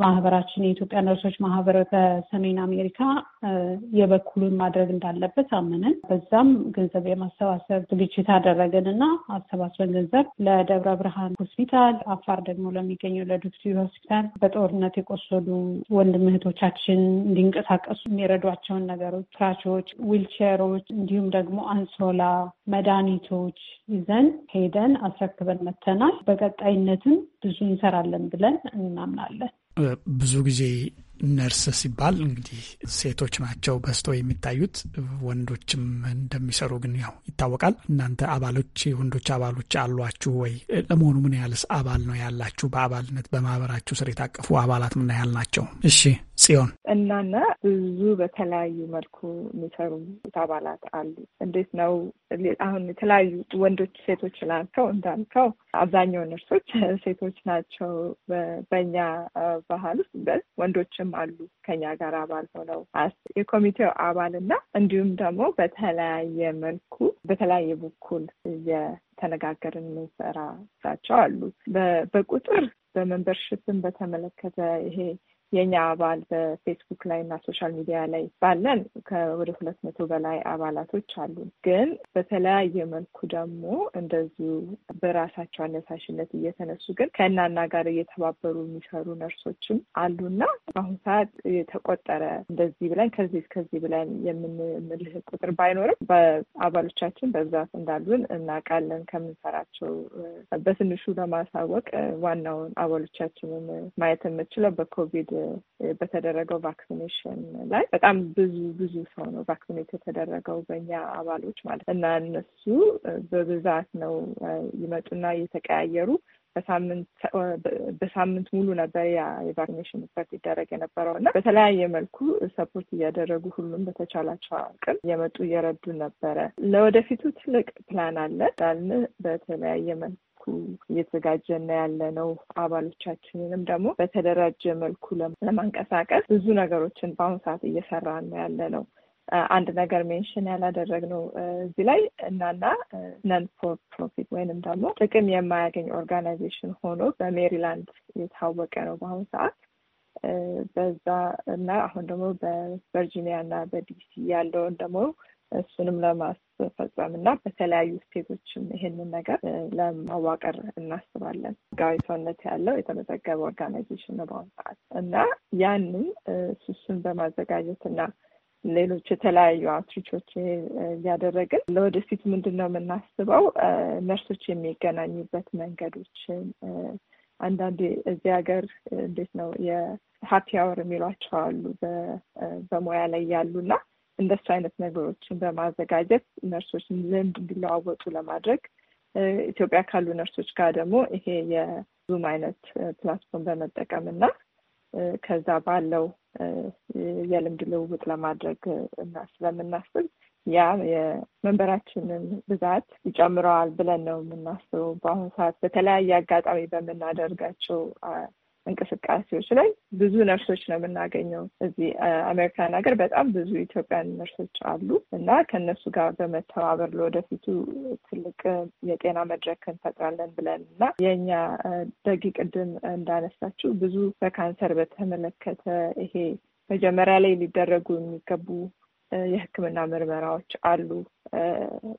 ማህበራችን የኢትዮጵያ ነርሶች ማህበር በሰሜን አሜሪካ የበኩሉን ማድረግ እንዳለበት አመንን በዛም ገንዘብ የማሰባሰብ ዝግጅት አደረገን እና አሰባስበን ገንዘብ ለደብረ ብርሃን ሆስፒታል፣ አፋር ደግሞ ለሚገኘው ለዱክሲ ሆስፒታል በጦርነት የቆሰሉ ወንድም እህቶቻችን እንዲንቀሳቀሱ የሚረዷቸውን ነገሮች፣ ፍራቾች፣ ዊልቸሮች እንዲሁም ደግሞ አንሶላ፣ መድኃኒቶች ይዘን ሄደን አስረክበን መተናል። በቀጣይነትም ብዙ እንሰራለን ብለን እናምናለን። ብዙ ጊዜ ነርስ ሲባል እንግዲህ ሴቶች ናቸው በስቶ የሚታዩት ወንዶችም እንደሚሰሩ ግን ያው ይታወቃል። እናንተ አባሎች የወንዶች አባሎች አሏችሁ ወይ? ለመሆኑ ምን ያህልስ አባል ነው ያላችሁ? በአባልነት በማህበራችሁ ስር የታቀፉ አባላት ምን ያህል ናቸው? እሺ ጽዮን እናና ብዙ በተለያዩ መልኩ የሚሰሩ አባላት አሉ። እንዴት ነው አሁን የተለያዩ ወንዶች ሴቶች ላልከው እንዳልከው አብዛኛው ነርሶች ሴቶች ናቸው በእኛ ባህል ውስጥ ግን ወንዶችም አሉ ከኛ ጋር አባል ሆነው የኮሚቴው አባል እና እንዲሁም ደግሞ በተለያየ መልኩ በተለያየ በኩል የተነጋገርን የምንሰራቸው አሉ። በቁጥር በመንበርሽፕን በተመለከተ ይሄ የእኛ አባል በፌስቡክ ላይ እና ሶሻል ሚዲያ ላይ ባለን ከወደ ሁለት መቶ በላይ አባላቶች አሉ። ግን በተለያየ መልኩ ደግሞ እንደዚሁ በራሳቸው አነሳሽነት እየተነሱ ግን ከእናና ጋር እየተባበሩ የሚሰሩ ነርሶችም አሉና በአሁኑ ሰዓት የተቆጠረ እንደዚህ ብለን ከዚህ ከዚህ ብለን የምንምልህ ቁጥር ባይኖርም በአባሎቻችን በብዛት እንዳሉን እናውቃለን። ከምንሰራቸው በትንሹ ለማሳወቅ ዋናውን አባሎቻችንን ማየት የምችለው በኮቪድ በተደረገው ቫክሲኔሽን ላይ በጣም ብዙ ብዙ ሰው ነው ቫክሲኔት የተደረገው በእኛ አባሎች ማለት እና እነሱ በብዛት ነው ይመጡና እየተቀያየሩ በሳምንት ሙሉ ነበር ያ የቫክሲኔሽን ፈርት ይደረግ የነበረው እና በተለያየ መልኩ ሰፖርት እያደረጉ ሁሉም በተቻላቸው አቅም እየመጡ እየረዱ ነበረ። ለወደፊቱ ትልቅ ፕላን አለ ዳልን በተለያየ መልኩ መልኩ እየተዘጋጀና ያለ ነው። አባሎቻችንንም ደግሞ በተደራጀ መልኩ ለማንቀሳቀስ ብዙ ነገሮችን በአሁኑ ሰዓት እየሰራ ነው ያለ ነው። አንድ ነገር ሜንሽን ያላደረግነው እዚህ ላይ እናና ነን ፎር ፕሮፊት ወይንም ደግሞ ጥቅም የማያገኝ ኦርጋናይዜሽን ሆኖ በሜሪላንድ የታወቀ ነው በአሁኑ ሰዓት በዛ እና አሁን ደግሞ በቨርጂኒያ እና በዲሲ ያለውን ደግሞ እሱንም ለማስፈጸም እና በተለያዩ ስቴቶችም ይህንን ነገር ለማዋቀር እናስባለን። ህጋዊ ሰውነት ያለው የተመዘገበ ኦርጋናይዜሽን ነው በአሁኑ ሰዓት እና ያንን እሱን በማዘጋጀት እና ሌሎች የተለያዩ አውትሪቾች እያደረግን ለወደፊት ምንድን ነው የምናስበው ነርሶች የሚገናኙበት መንገዶችን አንዳንዴ እዚህ ሀገር እንዴት ነው የሀፒ አወር የሚሏቸው አሉ በሙያ ላይ ያሉና እንደሱ አይነት ነገሮችን በማዘጋጀት ነርሶች ልምድ እንዲለዋወጡ ለማድረግ ኢትዮጵያ ካሉ ነርሶች ጋር ደግሞ ይሄ የዙም አይነት ፕላትፎርም በመጠቀም እና ከዛ ባለው የልምድ ልውውጥ ለማድረግ እና ስለምናስብ ያ የመንበራችንን ብዛት ይጨምረዋል ብለን ነው የምናስበው። በአሁኑ ሰዓት በተለያየ አጋጣሚ በምናደርጋቸው እንቅስቃሴዎች ላይ ብዙ ነርሶች ነው የምናገኘው። እዚህ አሜሪካን ሀገር በጣም ብዙ ኢትዮጵያን ነርሶች አሉ እና ከእነሱ ጋር በመተባበር ለወደፊቱ ትልቅ የጤና መድረክ እንፈጥራለን ብለን እና የእኛ ደጊ ቅድም እንዳነሳችው ብዙ በካንሰር በተመለከተ ይሄ መጀመሪያ ላይ ሊደረጉ የሚገቡ የሕክምና ምርመራዎች አሉ።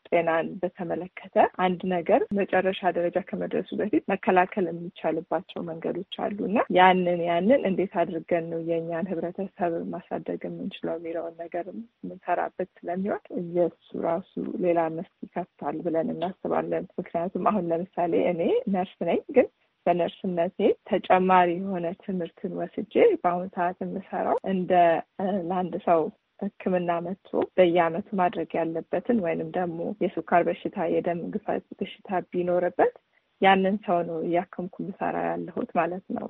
ጤናን በተመለከተ አንድ ነገር መጨረሻ ደረጃ ከመድረሱ በፊት መከላከል የሚቻልባቸው መንገዶች አሉ እና ያንን ያንን እንዴት አድርገን ነው የእኛን ህብረተሰብ ማሳደግ የምንችለው የሚለውን ነገር የምንሰራበት ስለሚሆን የሱ ራሱ ሌላ መስክ ይከፍታል ብለን እናስባለን። ምክንያቱም አሁን ለምሳሌ እኔ ነርስ ነኝ ግን በነርስነቴ ተጨማሪ የሆነ ትምህርትን ወስጄ በአሁኑ ሰዓት የምሰራው እንደ ለአንድ ሰው ሕክምና መጥቶ በየአመቱ ማድረግ ያለበትን ወይንም ደግሞ የስኳር በሽታ የደም ግፋት በሽታ ቢኖርበት ያንን ሰው ነው እያከምኩ ምሰራ ያለሁት ማለት ነው።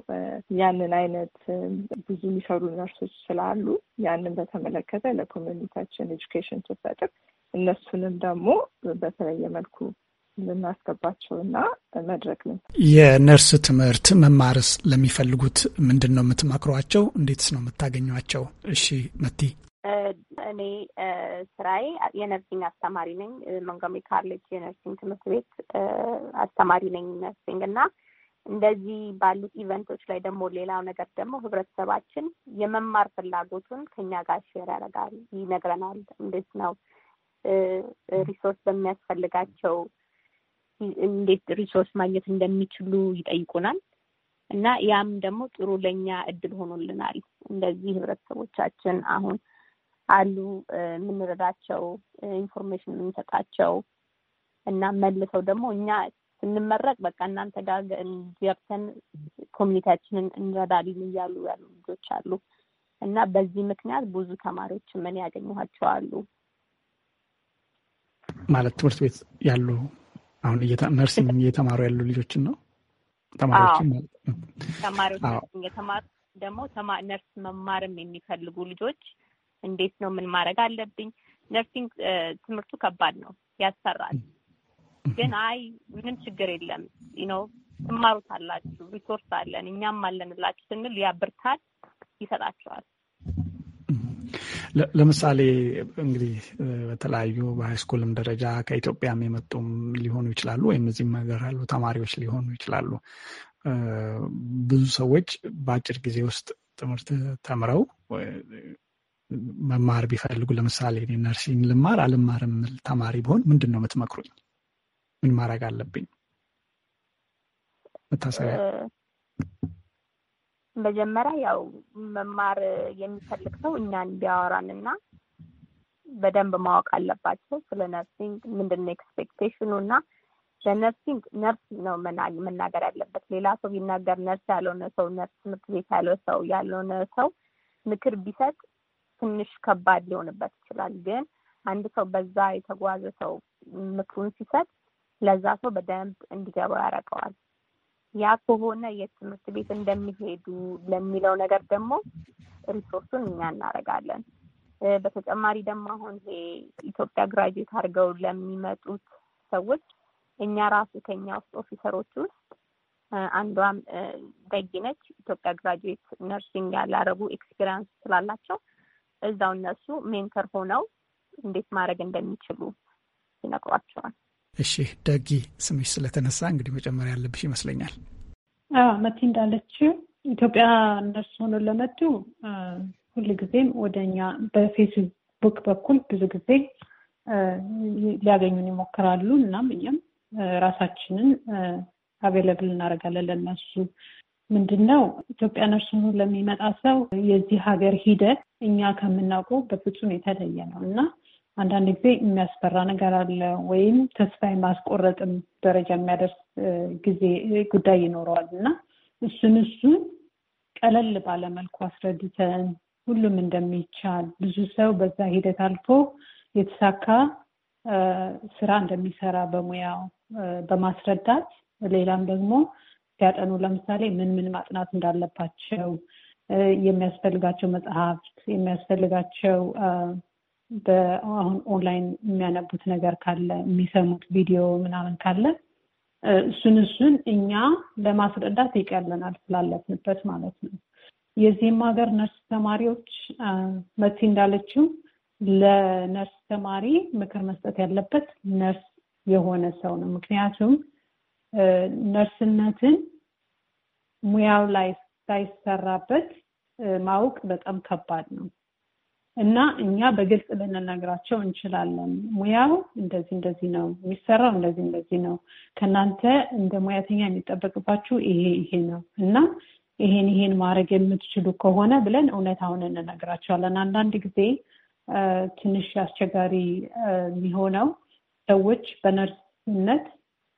ያንን አይነት ብዙ የሚሰሩ ነርሶች ስላሉ ያንን በተመለከተ ለኮሚኒቲችን ኤጁኬሽን ስንሰጥም እነሱንም ደግሞ በተለየ መልኩ ልናስገባቸውና መድረክ ነው። የነርስ ትምህርት መማርስ ለሚፈልጉት ምንድን ነው የምትመክሯቸው? እንዴትስ ነው የምታገኟቸው? እሺ መቲ እኔ ስራዬ የነርሲንግ አስተማሪ ነኝ። መንጋሚ ካርሌጅ የነርሲንግ ትምህርት ቤት አስተማሪ ነኝ ነርሲንግ እና እንደዚህ ባሉት ኢቨንቶች ላይ ደግሞ ሌላው ነገር ደግሞ ህብረተሰባችን የመማር ፍላጎቱን ከኛ ጋር ሼር ያደርጋል፣ ይነግረናል። እንዴት ነው ሪሶርስ በሚያስፈልጋቸው እንዴት ሪሶርስ ማግኘት እንደሚችሉ ይጠይቁናል። እና ያም ደግሞ ጥሩ ለእኛ እድል ሆኖልናል። እንደዚህ ህብረተሰቦቻችን አሁን አሉ የምንረዳቸው፣ ኢንፎርሜሽን የምንሰጣቸው እና መልሰው ደግሞ እኛ ስንመረቅ በቃ እናንተ ጋር ገብተን ኮሚኒቲያችንን እንረዳልን እያሉ ያሉ ልጆች አሉ እና በዚህ ምክንያት ብዙ ተማሪዎች ምን ያገኘኋቸው አሉ ማለት ትምህርት ቤት ያሉ አሁን ነርሲንግ እየተማሩ ያሉ ልጆችን ነው ተማሪዎችን ተማሪዎች ደግሞ ነርስ መማርም የሚፈልጉ ልጆች እንዴት ነው ምን ማድረግ አለብኝ። ነርሲንግ ትምህርቱ ከባድ ነው፣ ያሰራል። ግን አይ ምንም ችግር የለም ነው ትማሩት አላችሁ፣ ሪሶርስ አለን፣ እኛም አለንላችሁ ስንል ያብርታል፣ ይሰጣቸዋል። ለምሳሌ እንግዲህ በተለያዩ በሃይስኩልም ደረጃ ከኢትዮጵያም የመጡም ሊሆኑ ይችላሉ፣ ወይም እዚህም ሀገር ያሉ ተማሪዎች ሊሆኑ ይችላሉ። ብዙ ሰዎች በአጭር ጊዜ ውስጥ ትምህርት ተምረው መማር ቢፈልጉ ለምሳሌ እኔ ነርሲንግ ልማር አልማር የምል ተማሪ ብሆን ምንድን ነው የምትመክሩኝ? ምን ማድረግ አለብኝ? መታሰቢያ መጀመሪያ ያው መማር የሚፈልግ ሰው እኛን ቢያወራን እና በደንብ ማወቅ አለባቸው ስለ ነርሲንግ ምንድን ነው ኤክስፔክቴሽኑ እና ለነርሲንግ ነርስ ነው መናገር ያለበት። ሌላ ሰው ቢናገር ነርስ ያልሆነ ሰው ነርስ ትምህርት ቤት ያለው ሰው ያልሆነ ሰው ምክር ቢሰጥ ትንሽ ከባድ ሊሆንበት ይችላል። ግን አንድ ሰው በዛ የተጓዘ ሰው ምክሩን ሲሰጥ ለዛ ሰው በደንብ እንዲገባው ያደርገዋል። ያ ከሆነ የት ትምህርት ቤት እንደሚሄዱ ለሚለው ነገር ደግሞ ሪሶርሱን እኛ እናደርጋለን። በተጨማሪ ደግሞ አሁን ይሄ ኢትዮጵያ ግራጁዌት አድርገው ለሚመጡት ሰዎች እኛ ራሱ ከኛ ውስጥ ኦፊሰሮች ውስጥ አንዷም ደጊነች ኢትዮጵያ ግራጁዌት ነርሲንግ ያላረጉ ኤክስፔሪንስ ስላላቸው እዛው እነሱ ሜንተር ሆነው እንዴት ማድረግ እንደሚችሉ ይነግሯቸዋል። እሺ ደጊ ስምሽ ስለተነሳ እንግዲህ መጨመር ያለብሽ ይመስለኛል። መቲ እንዳለችው ኢትዮጵያ ነርስ ሆኖ ለመጡ ጊዜም ወደ እኛ በፌስቡክ በኩል ብዙ ጊዜ ሊያገኙን ይሞክራሉ። እናም እኛም ራሳችንን አቬለብል እናደርጋለን ለእነሱ ምንድን ነው ኢትዮጵያ ነርሱኑ ለሚመጣ ሰው የዚህ ሀገር ሂደት እኛ ከምናውቀው በፍጹም የተለየ ነው እና አንዳንድ ጊዜ የሚያስፈራ ነገር አለ ወይም ተስፋ የማስቆረጥም ደረጃ የሚያደርስ ጊዜ ጉዳይ ይኖረዋል እና እሱን እሱን ቀለል ባለመልኩ አስረድተን ሁሉም እንደሚቻል ብዙ ሰው በዛ ሂደት አልፎ የተሳካ ስራ እንደሚሰራ በሙያው በማስረዳት ሌላም ደግሞ ሲያጠኑ ለምሳሌ ምን ምን ማጥናት እንዳለባቸው የሚያስፈልጋቸው መጽሐፍት የሚያስፈልጋቸው አሁን ኦንላይን የሚያነቡት ነገር ካለ የሚሰሙት ቪዲዮ ምናምን ካለ እሱን እሱን እኛ ለማስረዳት ይቀለናል ስላለፍንበት ማለት ነው። የዚህም ሀገር ነርስ ተማሪዎች መቲ እንዳለችው ለነርስ ተማሪ ምክር መስጠት ያለበት ነርስ የሆነ ሰው ነው። ምክንያቱም ነርስነትን ሙያው ላይ ሳይሰራበት ማወቅ በጣም ከባድ ነው እና እኛ በግልጽ ልንነግራቸው እንችላለን። ሙያው እንደዚህ እንደዚህ ነው የሚሰራው፣ እንደዚህ እንደዚህ ነው። ከእናንተ እንደ ሙያተኛ የሚጠበቅባችሁ ይሄ ይሄ ነው እና ይሄን ይሄን ማድረግ የምትችሉ ከሆነ ብለን እውነታውን እንነግራቸዋለን። አንዳንድ ጊዜ ትንሽ አስቸጋሪ የሚሆነው ሰዎች በነርስነት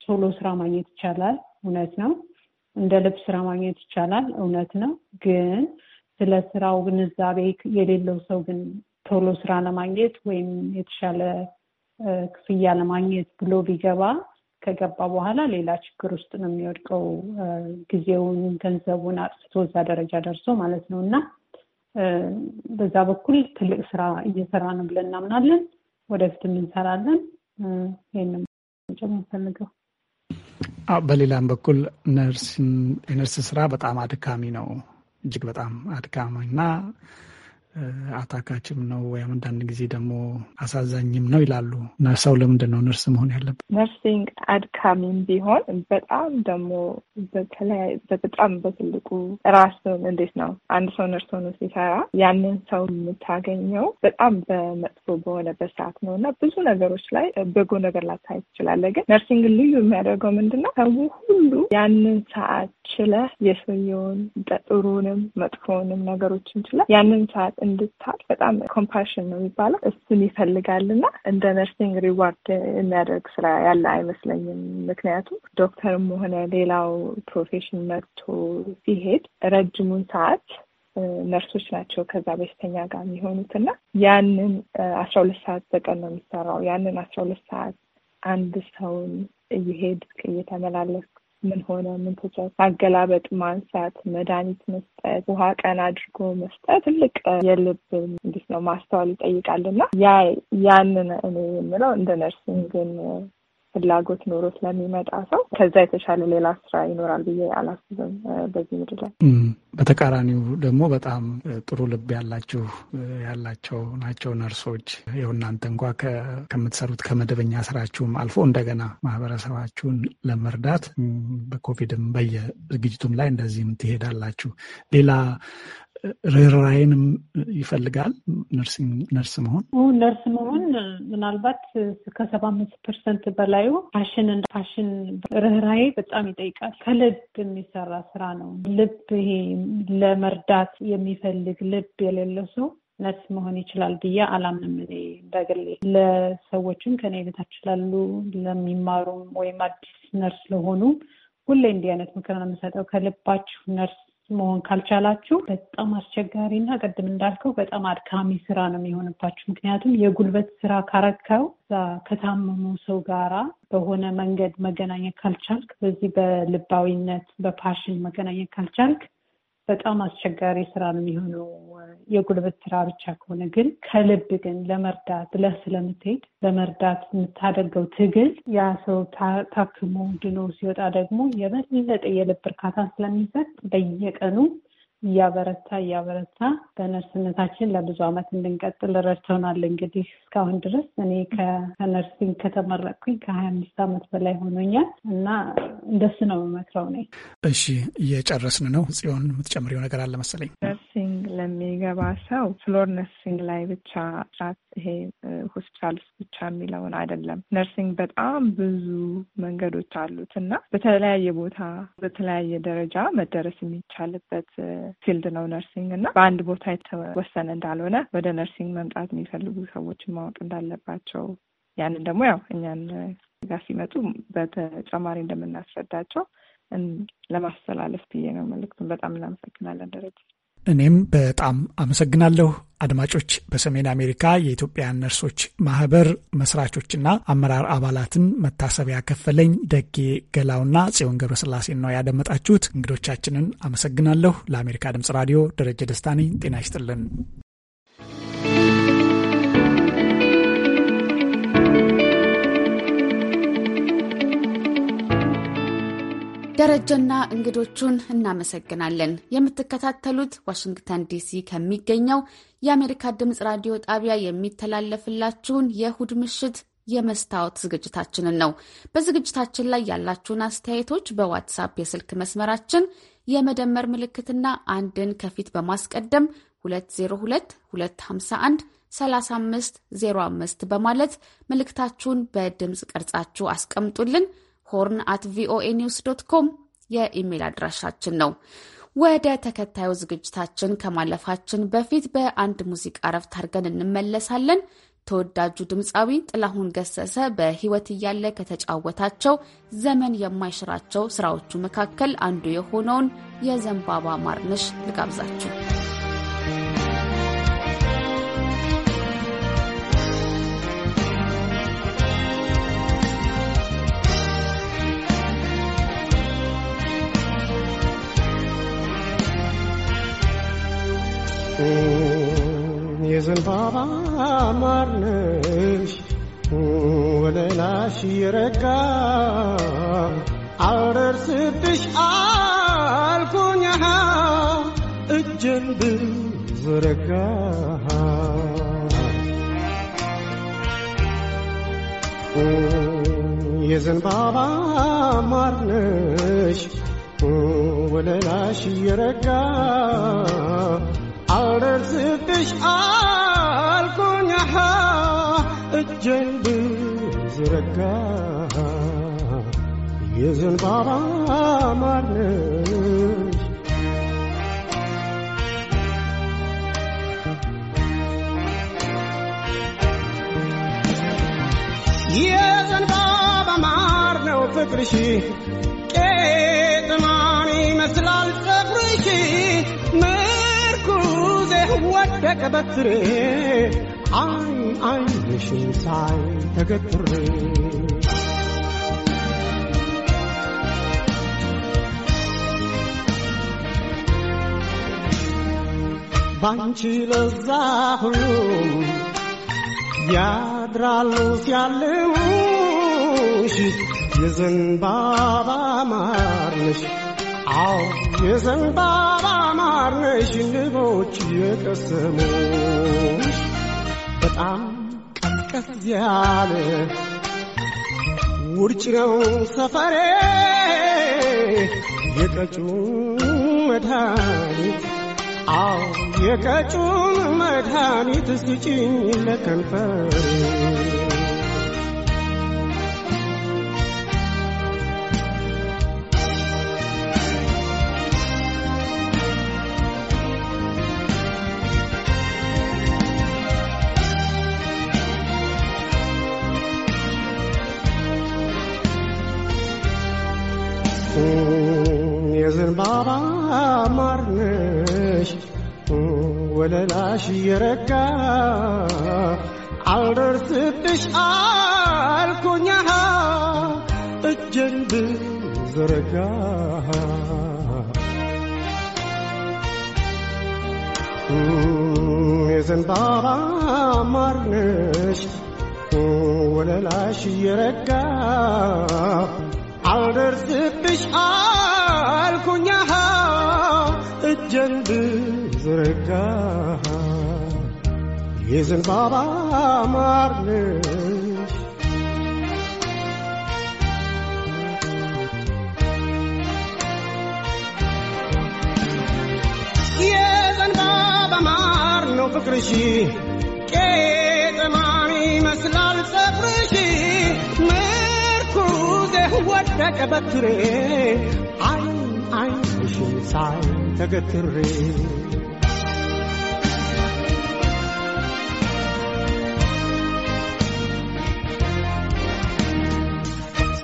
ቶሎ ስራ ማግኘት ይቻላል፣ እውነት ነው። እንደ ልብ ስራ ማግኘት ይቻላል፣ እውነት ነው። ግን ስለ ስራው ግንዛቤ የሌለው ሰው ግን ቶሎ ስራ ለማግኘት ወይም የተሻለ ክፍያ ለማግኘት ብሎ ቢገባ ከገባ በኋላ ሌላ ችግር ውስጥ ነው የሚወድቀው። ጊዜውን፣ ገንዘቡን አጥፍቶ እዛ ደረጃ ደርሶ ማለት ነው እና በዛ በኩል ትልቅ ስራ እየሰራ ነው ብለን እናምናለን። ወደፊት እንሰራለን። ይህንም ነው ፈልገው በሌላም በኩል ነርስ የነርስ ስራ በጣም አድካሚ ነው። እጅግ በጣም አድካሚ እና አታካችም ነው ወይም አንዳንድ ጊዜ ደግሞ አሳዛኝም ነው ይላሉ። እና ሰው ለምንድን ነው ነርስ መሆን ያለበት? ነርሲንግ አድካሚም ቢሆን በጣም ደግሞ በተለያየ በጣም በትልቁ ራስን እንዴት ነው አንድ ሰው ነርስ ሆኖ ሲሰራ ያንን ሰው የምታገኘው በጣም በመጥፎ በሆነበት ሰዓት ነው እና ብዙ ነገሮች ላይ በጎ ነገር ላታይ ትችላለ። ግን ነርሲንግ ልዩ የሚያደርገው ምንድን ነው? ሰው ሁሉ ያንን ሰዓት ችለህ የሰውየውን ጥሩንም መጥፎንም ነገሮችን ችለህ ያንን ሰዓት እንድታል በጣም ኮምፓሽን ነው የሚባለው እሱን ይፈልጋል እና እንደ ነርሲንግ ሪዋርድ የሚያደርግ ስራ ያለ አይመስለኝም። ምክንያቱም ዶክተርም ሆነ ሌላው ፕሮፌሽን መጥቶ ሲሄድ ረጅሙን ሰዓት ነርሶች ናቸው ከዛ በሽተኛ ጋር የሚሆኑት እና ያንን አስራ ሁለት ሰዓት በቀን ነው የሚሰራው። ያንን አስራ ሁለት ሰዓት አንድ ሰውን እየሄድክ እየተመላለስክ ምን ሆነ ምን ተጫወተ፣ ማገላበጥ፣ ማንሳት፣ መድኃኒት መስጠት፣ ውሃ ቀን አድርጎ መስጠት ትልቅ የልብ እንዴት ነው ማስተዋል ይጠይቃልና ያ ያንን እኔ የምለው እንደ ነርሲንግን ፍላጎት ኖሮ ስለሚመጣ ሰው ከዛ የተሻለ ሌላ ስራ ይኖራል ብዬ አላስብም በዚህ ምድር ላይ። በተቃራኒው ደግሞ በጣም ጥሩ ልብ ያላችሁ ያላቸው ናቸው ነርሶች። ይኸው እናንተ እንኳ ከምትሰሩት ከመደበኛ ስራችሁም አልፎ እንደገና ማህበረሰባችሁን ለመርዳት በኮቪድም በየዝግጅቱም ላይ እንደዚህም ትሄዳላችሁ። ሌላ ርኅራኄንም ይፈልጋል። ነርስ መሆን ነርስ መሆን ምናልባት ከሰባ አምስት ፐርሰንት በላዩ ፋሽን ፋሽን ርኅራኄ በጣም ይጠይቃል። ከልብ የሚሰራ ስራ ነው። ልብ ይሄ ለመርዳት የሚፈልግ ልብ የሌለው ሰው ነርስ መሆን ይችላል ብዬ አላምንም። እኔ በግሌ ለሰዎችም ከኔ በታች ላሉ ለሚማሩም ወይም አዲስ ነርስ ለሆኑ ሁሌ እንዲህ አይነት ምክር ነው የምሰጠው። ከልባችሁ ነርስ መሆን ካልቻላችሁ በጣም አስቸጋሪ እና ቅድም እንዳልከው በጣም አድካሚ ስራ ነው የሚሆንባችሁ። ምክንያቱም የጉልበት ስራ ካረካው ከታመሙ ሰው ጋራ በሆነ መንገድ መገናኘት ካልቻልክ፣ በዚህ በልባዊነት በፓሽን መገናኘት ካልቻልክ በጣም አስቸጋሪ ስራ ነው የሚሆነው። የጉልበት ስራ ብቻ ከሆነ ግን ከልብ ግን ለመርዳት ብለህ ስለምትሄድ ለመርዳት የምታደርገው ትግል ያ ሰው ታክሞ ድኖ ሲወጣ ደግሞ የበለጠ የልብ እርካታ ስለሚሰጥ በየቀኑ እያበረታ እያበረታ በነርስነታችን ለብዙ ዓመት እንድንቀጥል ረድተውናል። እንግዲህ እስካሁን ድረስ እኔ ከነርሲንግ ከተመረቅኩኝ ከሀያ አምስት ዓመት በላይ ሆኖኛል እና እንደሱ ነው የምመክረው ነኝ። እሺ እየጨረስን ነው። ጽዮን የምትጨምሪው ነገር አለ መሰለኝ። ነርሲንግ ለሚገባ ሰው ፍሎር ነርሲንግ ላይ ብቻ ስራት ይሄ ሆስፒታል ውስጥ ብቻ የሚለውን አይደለም። ነርሲንግ በጣም ብዙ መንገዶች አሉት እና በተለያየ ቦታ በተለያየ ደረጃ መደረስ የሚቻልበት ፊልድ ነው ነርሲንግ እና በአንድ ቦታ የተወሰነ እንዳልሆነ ወደ ነርሲንግ መምጣት የሚፈልጉ ሰዎችን ማወቅ እንዳለባቸው ያንን ደግሞ ያው እኛን ጋር ሲመጡ በተጨማሪ እንደምናስረዳቸው ለማስተላለፍ ብዬ ነው መልክቱን። በጣም እናመሰግናለን ደረጃ። እኔም በጣም አመሰግናለሁ። አድማጮች በሰሜን አሜሪካ የኢትዮጵያ ነርሶች ማህበር መስራቾችና አመራር አባላትን መታሰቢያ ከፈለኝ ደጌ ገላውና ጽዮን ገብረስላሴን ነው ያደመጣችሁት። እንግዶቻችንን አመሰግናለሁ። ለአሜሪካ ድምጽ ራዲዮ ደረጀ ደስታ ነኝ። ጤና ይስጥልን። ደረጀና እንግዶቹን እናመሰግናለን። የምትከታተሉት ዋሽንግተን ዲሲ ከሚገኘው የአሜሪካ ድምፅ ራዲዮ ጣቢያ የሚተላለፍላችሁን የእሁድ ምሽት የመስታወት ዝግጅታችንን ነው። በዝግጅታችን ላይ ያላችሁን አስተያየቶች በዋትሳፕ የስልክ መስመራችን የመደመር ምልክትና አንድን ከፊት በማስቀደም 202 251 3505 በማለት መልእክታችሁን በድምፅ ቀርጻችሁ አስቀምጡልን። ሆርን አት ቪኦኤ ኒውስ ዶት ኮም የኢሜይል አድራሻችን ነው። ወደ ተከታዩ ዝግጅታችን ከማለፋችን በፊት በአንድ ሙዚቃ ረፍት አድርገን እንመለሳለን። ተወዳጁ ድምፃዊ ጥላሁን ገሰሰ በሕይወት እያለ ከተጫወታቸው ዘመን የማይሽራቸው ስራዎቹ መካከል አንዱ የሆነውን የዘንባባ ማርነሽ ልጋብዛችሁ። የዘንባባ ማርነሽ ወለላሽ የረጋ አልደርስብሽ አልኩኝ እጄን ብዘረጋ የዘንባባ ማርነሽ ወለላሽ የረጋ አልርስቅሽ አልኩኝ ሀ እጄን ብዝረጋ የዘንባባ ማነሽ የዘንባባ ማር ነው ፍቅርሽ ቄ ከቀበትሬ አይ አይንሽን ሳይ ተገትሬ ባንቺ ለዛ ሁሉም ያድራሉ ሲያልሙሽ የዘንባባ ማርነሽ አዎ የዘንባባ ማርነሽ ንቦች የቀሰሙሽ በጣም ቀዝቀዝ ያለ ውርጭ ነው ሰፈሬ የቀጩ መድኃኒት አው የቀጩን መድኃኒት ስጭኝ ለከንፈሬ ላሽ እየረጋ አልደርስብሽ አልኩኛ እጀን ብዘረጋ የዘንባባ ማርነሽ ወለላሽ እየረጋ አልደርስብሽ አልኩኛ እጀን ብዘረጋ የዘንባባ ማርነሽ የዘንባባ ማር ነው ፍቅርሽ ቄጠማሚ መስላል ጸጉርሽ ምርኩዜ ወደቀ በትሬ አይን አይንሽን ሳይ ተገትሬ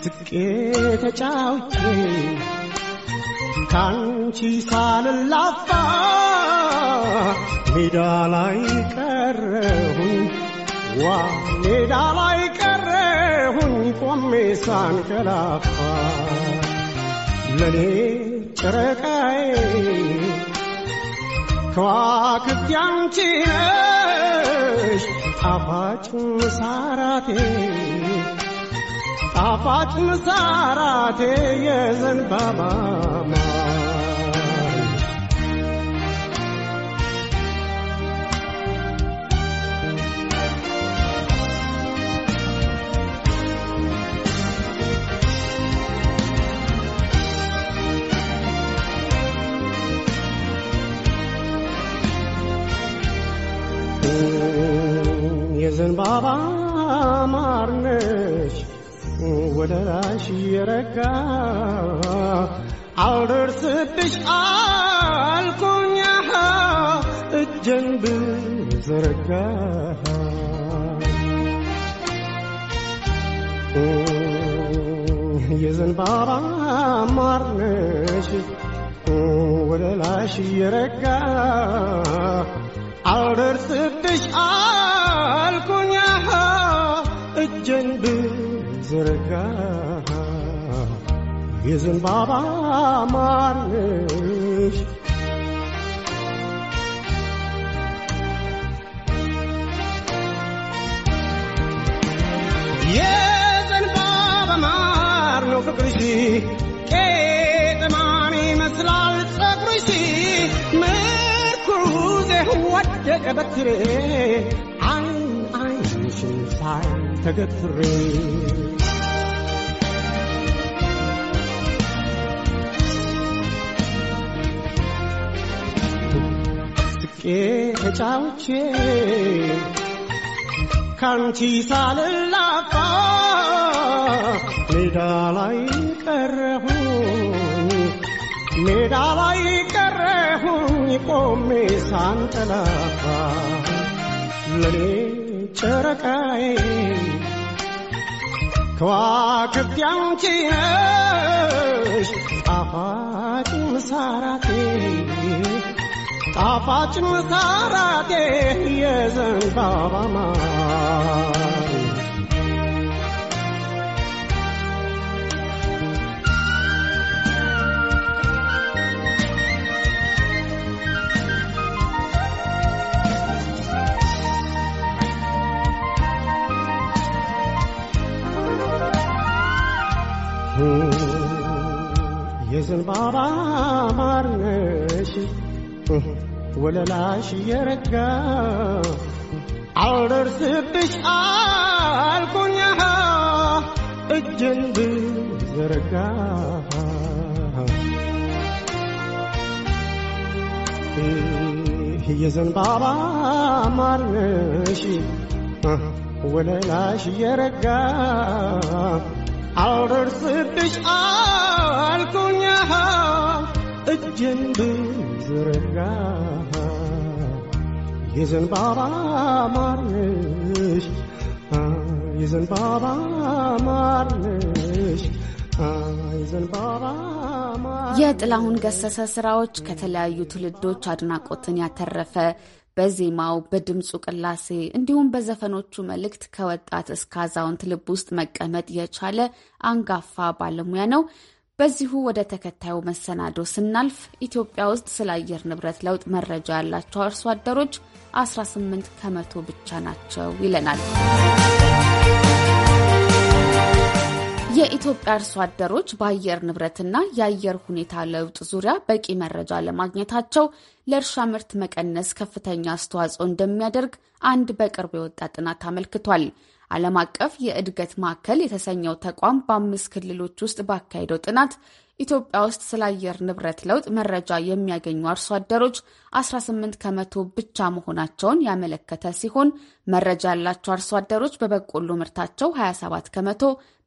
ስቄ ተጫውቼ ካንቺ ሳልላፋ ሜዳ ላይ ቀረሁኝ ዋ ሜዳ ላይ ቀረሁኝ ቆሜ ሳንቀላፋ ለኔ ጨረቃዬ ከዋክብት ያንቺ ነሽ ጣፋጭ ሳራቴ ጣፋጭ ምሳራቴ የዘንባባ የዘንባባ ማርነሽ ወደ ራሽ የረጋ አልደርስብሽ አልኩኛ እጀን ብዘረጋ የዘንባባ ማርነሽ ወደ ላሽ የረጋ አልደርስብሽ አልኩኛ እጀን ዝርጋሃ የዘንባባ ማርሽ የዘንባባ ማር ነው ፍቅርሽ ቄጥማን ይመስላል ጸጉርሽ ምርኩዜ ወደቀ በትሬ አይን አይንሽን ሳይ ተገትሬ ትቄ ተጫውቼ ካንቺ ሳልላፋ ሜዳ ላይ ቀረሁኝ ሜዳ ላይ ቀረሁኝ ቆሜ ሳንጠላፋ ለኔ ጨረቃዬ ከዋክብት ያንቺ ነሽ ጣፋጭ ምሳራቴ ጣፋጭ ምሳራቴ የዘንባባ ማር የዘንባባ ማርነሽ ወለላሽ እየረጋ አልደርስብሽ አልኩኛ እጅን ብዘረጋ የዘንባባ ማርነሽ ወለላሽ እየረጋ አልደርስብሽ አልኩኛ እጅን ብዘረጋ የዘንባባ ማርነሽ የዘንባባ ማርነሽ የጥላሁን ገሰሰ ስራዎች ከተለያዩ ትውልዶች አድናቆትን ያተረፈ በዜማው በድምፁ ቅላሴ እንዲሁም በዘፈኖቹ መልእክት ከወጣት እስከ አዛውንት ልብ ውስጥ መቀመጥ የቻለ አንጋፋ ባለሙያ ነው። በዚሁ ወደ ተከታዩ መሰናዶ ስናልፍ ኢትዮጵያ ውስጥ ስለ አየር ንብረት ለውጥ መረጃ ያላቸው አርሶ አደሮች 18 ከመቶ ብቻ ናቸው ይለናል። የኢትዮጵያ አርሶ አደሮች በአየር ንብረትና የአየር ሁኔታ ለውጥ ዙሪያ በቂ መረጃ ለማግኘታቸው ለእርሻ ምርት መቀነስ ከፍተኛ አስተዋጽኦ እንደሚያደርግ አንድ በቅርብ የወጣ ጥናት አመልክቷል። ዓለም አቀፍ የእድገት ማዕከል የተሰኘው ተቋም በአምስት ክልሎች ውስጥ ባካሄደው ጥናት ኢትዮጵያ ውስጥ ስለ አየር ንብረት ለውጥ መረጃ የሚያገኙ አርሶ አደሮች 18 ከመቶ ብቻ መሆናቸውን ያመለከተ ሲሆን መረጃ ያላቸው አርሶ አደሮች በበቆሎ ምርታቸው 27 ከመቶ፣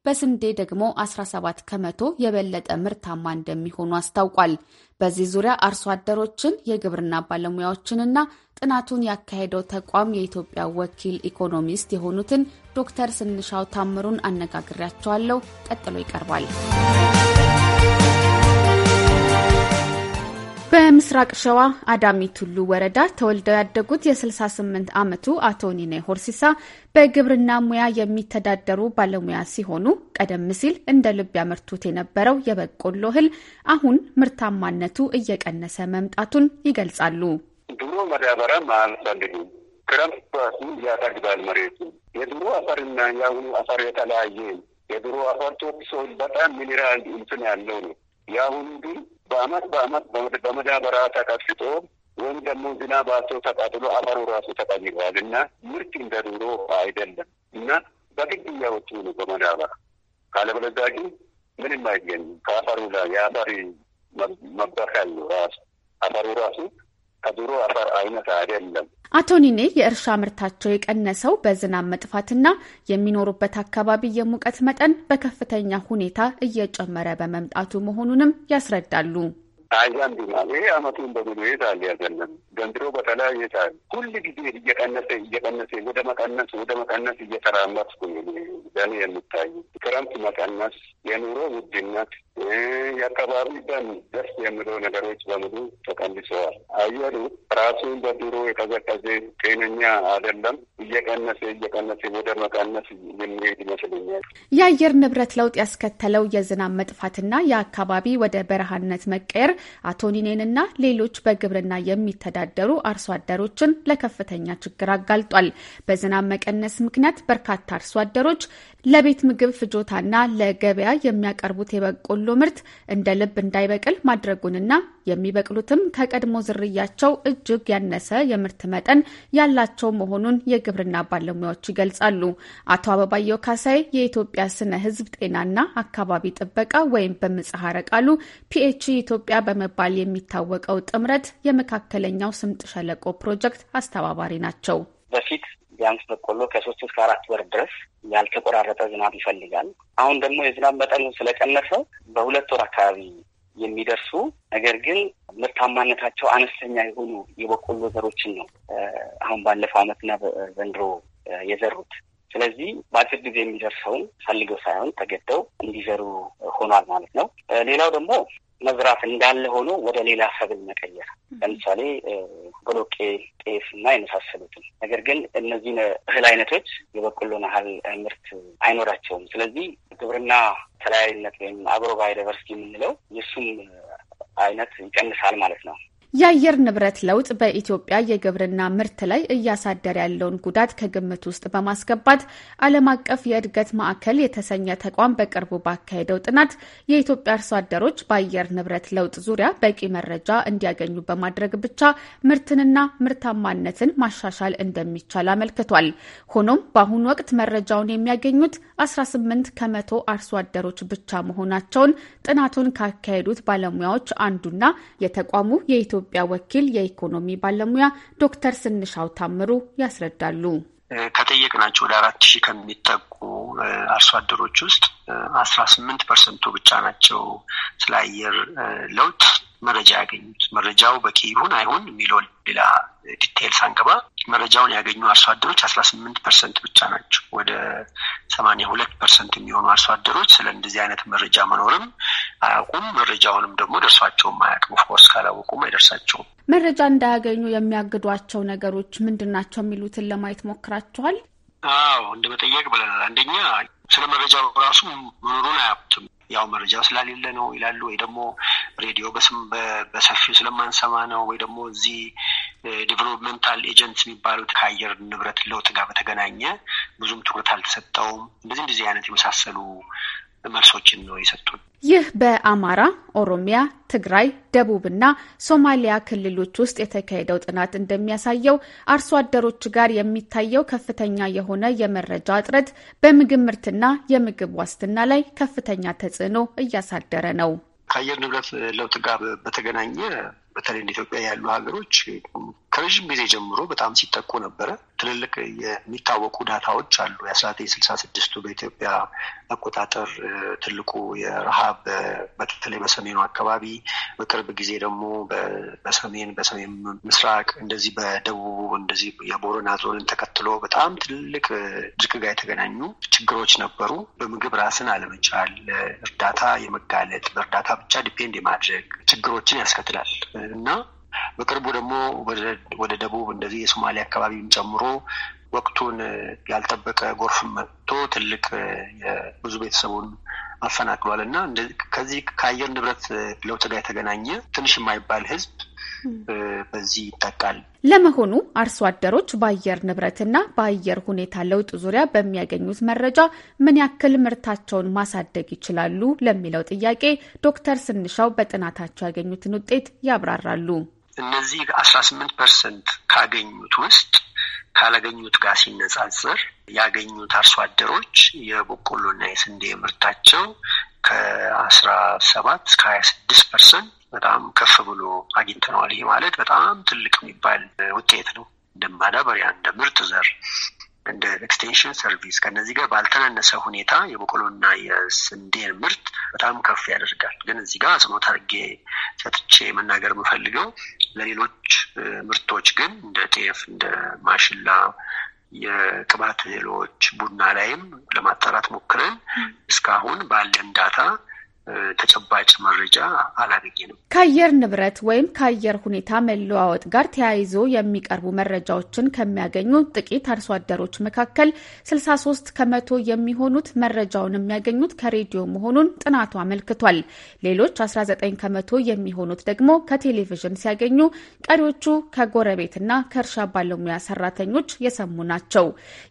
በስንዴ ደግሞ 17 ከመቶ የበለጠ ምርታማ እንደሚሆኑ አስታውቋል። በዚህ ዙሪያ አርሶ አደሮችን፣ የግብርና ባለሙያዎችንና ጥናቱን ያካሄደው ተቋም የኢትዮጵያ ወኪል ኢኮኖሚስት የሆኑትን ዶክተር ስንሻው ታምሩን አነጋግሬያቸዋለሁ። ቀጥሎ ይቀርባል። በምስራቅ ሸዋ አዳሚ ቱሉ ወረዳ ተወልደው ያደጉት የ68 ዓመቱ አቶ ኒኔ ሆርሲሳ በግብርና ሙያ የሚተዳደሩ ባለሙያ ሲሆኑ ቀደም ሲል እንደ ልብ ያመርቱት የነበረው የበቆሎ እህል አሁን ምርታማነቱ እየቀነሰ መምጣቱን ይገልጻሉ። ድሮ መዳበሪያም አልፈልግም፣ ክረምት ራሱ ያጠግባል መሬቱ። የድሮ አፈርና የአሁኑ አፈር የተለያየ። የድሮ አፈር ቶክሶ በጣም ሚኒራል እንትን ያለው ነው የአሁኑ ግን በአመት በአመት በመዳበራ ተቀስጦ ወይም ደግሞ ዝናብ አልቶ ተቃጥሎ አፈሩ ራሱ ተቀይሯል እና ምርት እንደ ድሮ አይደለም እና በግድ እያወጡ ነው በመዳበራ ካለበለዚያ ግን ምንም አይገኝም። ከአፈሩ ላይ የአፈር መበከል ራሱ አፈሩ ራሱ ከድሮ አፈር አይነት አይደለም። አቶ ኒኔ የእርሻ ምርታቸው የቀነሰው በዝናብ መጥፋትና የሚኖሩበት አካባቢ የሙቀት መጠን በከፍተኛ ሁኔታ እየጨመረ በመምጣቱ መሆኑንም ያስረዳሉ። ታይላንድ ይሆናል። ይሄ አመቱን በሙሉ አለ ያገለም ዘንድሮ በተለይ ይሄዳል። ሁል ጊዜ እየቀነሰ እየቀነሰ ወደ መቀነስ ወደ መቀነስ እየተራመድኩ ለኔ የምታዩ ክረምት መቀነስ፣ የኑሮ ውድነት፣ የአካባቢ ደን ደስ የሚለው ነገሮች በሙሉ ተቀንሰዋል። አየሩ ራሱን በድሮ የቀዘቀዘ ጤነኛ አይደለም። እየቀነሰ እየቀነሰ ወደ መቀነስ የሚሄድ ይመስለኛል። የአየር ንብረት ለውጥ ያስከተለው የዝናብ መጥፋትና የአካባቢ ወደ በረሃነት መቀየር አቶ ኒኔንና ሌሎች በግብርና የሚተዳደሩ አርሶ አደሮችን ለከፍተኛ ችግር አጋልጧል። በዝናብ መቀነስ ምክንያት በርካታ አርሶ አደሮች ለቤት ምግብ ፍጆታና ለገበያ የሚያቀርቡት የበቆሎ ምርት እንደ ልብ እንዳይበቅል ማድረጉንና የሚበቅሉትም ከቀድሞ ዝርያቸው እጅግ ያነሰ የምርት መጠን ያላቸው መሆኑን የግብርና ባለሙያዎች ይገልጻሉ። አቶ አበባየው ካሳይ የኢትዮጵያ ስነ ሕዝብ ጤናና አካባቢ ጥበቃ ወይም በምጽሐረ ቃሉ ፒኤች ኢትዮጵያ በመባል የሚታወቀው ጥምረት የመካከለኛው ስምጥ ሸለቆ ፕሮጀክት አስተባባሪ ናቸው። በፊት ቢያንስ በቆሎ ከሶስት እስከ አራት ወር ድረስ ያልተቆራረጠ ዝናብ ይፈልጋል። አሁን ደግሞ የዝናብ መጠኑ ስለቀነሰው በሁለት ወር አካባቢ የሚደርሱ ነገር ግን ምርታማነታቸው አነስተኛ የሆኑ የበቆሎ ዘሮችን ነው አሁን ባለፈው ዓመትና ዘንድሮ የዘሩት። ስለዚህ በአጭር ጊዜ የሚደርሰውን ፈልገው ሳይሆን ተገደው እንዲዘሩ ሆኗል ማለት ነው። ሌላው ደግሞ መዝራት እንዳለ ሆኖ ወደ ሌላ ሰብል መቀየር ለምሳሌ ቦሎቄ፣ ጤፍ እና የመሳሰሉትን። ነገር ግን እነዚህን እህል አይነቶች የበቆሎን ያህል ምርት አይኖራቸውም። ስለዚህ ግብርና ተለያዩነት ወይም አግሮ ባዮዳይቨርሲቲ የምንለው የሱም አይነት ይቀንሳል ማለት ነው። የአየር ንብረት ለውጥ በኢትዮጵያ የግብርና ምርት ላይ እያሳደረ ያለውን ጉዳት ከግምት ውስጥ በማስገባት ዓለም አቀፍ የእድገት ማዕከል የተሰኘ ተቋም በቅርቡ ባካሄደው ጥናት የኢትዮጵያ አርሶ አደሮች በአየር ንብረት ለውጥ ዙሪያ በቂ መረጃ እንዲያገኙ በማድረግ ብቻ ምርትንና ምርታማነትን ማሻሻል እንደሚቻል አመልክቷል። ሆኖም በአሁኑ ወቅት መረጃውን የሚያገኙት 18 ከመቶ አርሶ አደሮች ብቻ መሆናቸውን ጥናቱን ካካሄዱት ባለሙያዎች አንዱና የተቋሙ የኢትዮ የኢትዮጵያ ወኪል የኢኮኖሚ ባለሙያ ዶክተር ስንሻው ታምሩ ያስረዳሉ። ከጠየቅናቸው ወደ አራት ሺህ ከሚጠጉ አርሶ አደሮች ውስጥ አስራ ስምንት ፐርሰንቱ ብቻ ናቸው ስለ አየር ለውጥ መረጃ ያገኙት። መረጃው በቂ ይሁን አይሁን የሚለው ሌላ ዲቴይል ሳንገባ መረጃውን ያገኙ አርሶ አደሮች አስራ ስምንት ፐርሰንት ብቻ ናቸው። ወደ ሰማኒያ ሁለት ፐርሰንት የሚሆኑ አርሶ አደሮች ስለ እንደዚህ አይነት መረጃ መኖርም አያውቁም። መረጃውንም ደግሞ ደርሷቸውም አያውቅም። ኦፍኮርስ ካላወቁም አይደርሳቸውም። መረጃ እንዳያገኙ የሚያግዷቸው ነገሮች ምንድን ናቸው የሚሉትን ለማየት ሞክራችኋል? አዎ እንደ መጠየቅ ብለናል። አንደኛ ስለ መረጃው ራሱ መኖሩን አያውቁትም። ያው መረጃው ስላሌለ ነው ይላሉ፣ ወይ ደግሞ ሬዲዮ በስም በሰፊው ስለማንሰማ ነው፣ ወይ ደግሞ እዚህ ዲቨሎፕመንታል ኤጀንት የሚባሉት ከአየር ንብረት ለውጥ ጋር በተገናኘ ብዙም ትኩረት አልተሰጠውም። እንደዚህ እንደዚህ አይነት የመሳሰሉ መልሶችን ነው የሰጡን። ይህ በአማራ፣ ኦሮሚያ፣ ትግራይ፣ ደቡብና ሶማሊያ ክልሎች ውስጥ የተካሄደው ጥናት እንደሚያሳየው አርሶ አደሮች ጋር የሚታየው ከፍተኛ የሆነ የመረጃ እጥረት በምግብ ምርትና የምግብ ዋስትና ላይ ከፍተኛ ተጽዕኖ እያሳደረ ነው። ከአየር ንብረት ለውጥ ጋር በተገናኘ በተለይ እንደ ኢትዮጵያ ያሉ ሀገሮች ከረዥም ጊዜ ጀምሮ በጣም ሲጠቁ ነበረ። ትልልቅ የሚታወቁ ዳታዎች አሉ። የአስራ ዘጠኝ ስልሳ ስድስቱ በኢትዮጵያ አቆጣጠር ትልቁ የረሃብ በተለይ በሰሜኑ አካባቢ፣ በቅርብ ጊዜ ደግሞ በሰሜን በሰሜን ምስራቅ እንደዚህ በደቡቡ እንደዚህ የቦረና ዞንን ተከትሎ በጣም ትልልቅ ድርቅ ጋር የተገናኙ ችግሮች ነበሩ። በምግብ ራስን አለመቻል፣ እርዳታ የመጋለጥ በእርዳታ ብቻ ዲፔንድ የማድረግ ችግሮችን ያስከትላል እና በቅርቡ ደግሞ ወደ ደቡብ እንደዚህ የሶማሊያ አካባቢም ጨምሮ ወቅቱን ያልጠበቀ ጎርፍ መጥቶ ትልቅ ብዙ ቤተሰቡን አፈናቅሏል እና ከዚህ ከአየር ንብረት ለውጥ ጋር የተገናኘ ትንሽ የማይባል ህዝብ በዚህ ይጠቃል። ለመሆኑ አርሶ አደሮች በአየር ንብረትና በአየር ሁኔታ ለውጥ ዙሪያ በሚያገኙት መረጃ ምን ያክል ምርታቸውን ማሳደግ ይችላሉ? ለሚለው ጥያቄ ዶክተር ስንሻው በጥናታቸው ያገኙትን ውጤት ያብራራሉ። እነዚህ አስራ ስምንት ፐርሰንት ካገኙት ውስጥ ካላገኙት ጋር ሲነጻጽር ያገኙት አርሶ አደሮች የበቆሎና የስንዴ ምርታቸው ከአስራ ሰባት እስከ ሀያ ስድስት ፐርሰንት በጣም ከፍ ብሎ አግኝተነዋል። ይሄ ማለት በጣም ትልቅ የሚባል ውጤት ነው። እንደ ማዳበሪያ፣ እንደ ምርጥ ዘር እንደ ኤክስቴንሽን ሰርቪስ ከነዚህ ጋር ባልተናነሰ ሁኔታ የበቆሎና የስንዴን ምርት በጣም ከፍ ያደርጋል። ግን እዚህ ጋር አጽንኦት አድርጌ ሰጥቼ መናገር የምፈልገው ለሌሎች ምርቶች ግን እንደ ጤፍ፣ እንደ ማሽላ፣ የቅባት እህሎች፣ ቡና ላይም ለማጣራት ሞክረን እስካሁን ባለን ዳታ ተጨባጭ መረጃ አላገኘንም። ከአየር ንብረት ወይም ከአየር ሁኔታ መለዋወጥ ጋር ተያይዞ የሚቀርቡ መረጃዎችን ከሚያገኙ ጥቂት አርሶ አደሮች መካከል 63 ከመቶ የሚሆኑት መረጃውን የሚያገኙት ከሬዲዮ መሆኑን ጥናቱ አመልክቷል። ሌሎች 19 ከመቶ የሚሆኑት ደግሞ ከቴሌቪዥን ሲያገኙ፣ ቀሪዎቹ ከጎረቤትና ከእርሻ ባለሙያ ሰራተኞች የሰሙ ናቸው።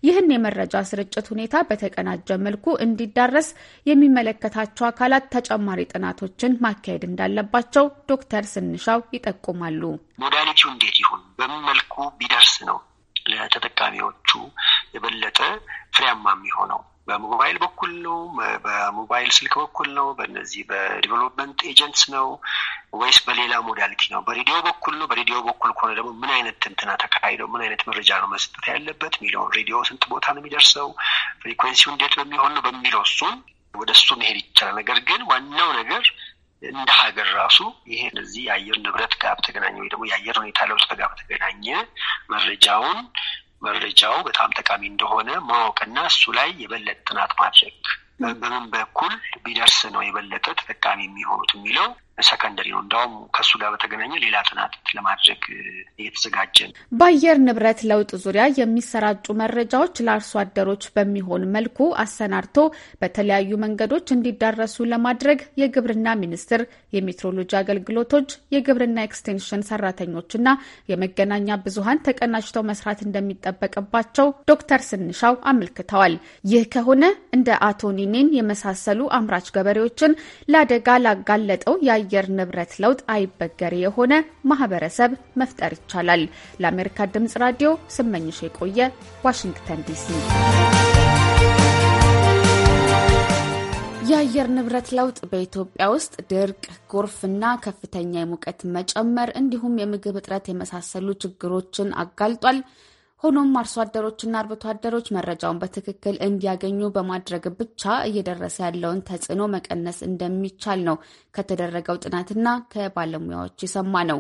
ይህን የመረጃ ስርጭት ሁኔታ በተቀናጀ መልኩ እንዲዳረስ የሚመለከታቸው አካላት ተጨማሪ ጥናቶችን ማካሄድ እንዳለባቸው ዶክተር ስንሻው ይጠቁማሉ። ሞዳሊቲው እንዴት ይሁን፣ በምን መልኩ ቢደርስ ነው ለተጠቃሚዎቹ የበለጠ ፍሬያማ የሚሆነው? በሞባይል በኩል ነው? በሞባይል ስልክ በኩል ነው? በነዚህ በዲቨሎፕመንት ኤጀንትስ ነው ወይስ በሌላ ሞዳሊቲ ነው? በሬዲዮ በኩል ነው? በሬዲዮ በኩል ከሆነ ደግሞ ምን አይነት ትንትና ተካሂደው ምን አይነት መረጃ ነው መስጠት ያለበት የሚለውን ሬዲዮ ስንት ቦታ ነው የሚደርሰው፣ ፍሪኩዌንሲው እንዴት በሚሆን ነው በሚለው እሱን ወደ እሱ መሄድ ይቻላል። ነገር ግን ዋናው ነገር እንደ ሀገር ራሱ ይሄ እነዚህ የአየር ንብረት ጋር በተገናኘ ወይ ደግሞ የአየር ሁኔታ ለውጥ ጋር በተገናኘ መረጃውን መረጃው በጣም ጠቃሚ እንደሆነ ማወቅና እሱ ላይ የበለጠ ጥናት ማድረግ በምን በኩል ቢደርስ ነው የበለጠ ተጠቃሚ የሚሆኑት የሚለው ሰከንደሪ ነው። እንዲያውም ከእሱ ጋር በተገናኘ ሌላ ጥናት ለማድረግ እየተዘጋጀ ነው። በአየር ንብረት ለውጥ ዙሪያ የሚሰራጩ መረጃዎች ለአርሶ አደሮች በሚሆን መልኩ አሰናድቶ በተለያዩ መንገዶች እንዲዳረሱ ለማድረግ የግብርና ሚኒስቴር፣ የሜትሮሎጂ አገልግሎቶች፣ የግብርና ኤክስቴንሽን ሰራተኞችና የመገናኛ ብዙሀን ተቀናጅተው መስራት እንደሚጠበቅባቸው ዶክተር ስንሻው አመልክተዋል። ይህ ከሆነ እንደ አቶ ኒኔን የመሳሰሉ አምራች ገበሬዎችን ለአደጋ ላጋለጠው የአየር ንብረት ለውጥ አይበገሬ የሆነ ማህበረሰብ መፍጠር ይቻላል። ለአሜሪካ ድምጽ ራዲዮ ስመኝሽ የቆየ ዋሽንግተን ዲሲ። የአየር ንብረት ለውጥ በኢትዮጵያ ውስጥ ድርቅ፣ ጎርፍና ከፍተኛ የሙቀት መጨመር እንዲሁም የምግብ እጥረት የመሳሰሉ ችግሮችን አጋልጧል። ሆኖም አርሶ አደሮችና አርብቶ አደሮች መረጃውን በትክክል እንዲያገኙ በማድረግ ብቻ እየደረሰ ያለውን ተጽዕኖ መቀነስ እንደሚቻል ነው ከተደረገው ጥናትና ከባለሙያዎች የሰማ ነው።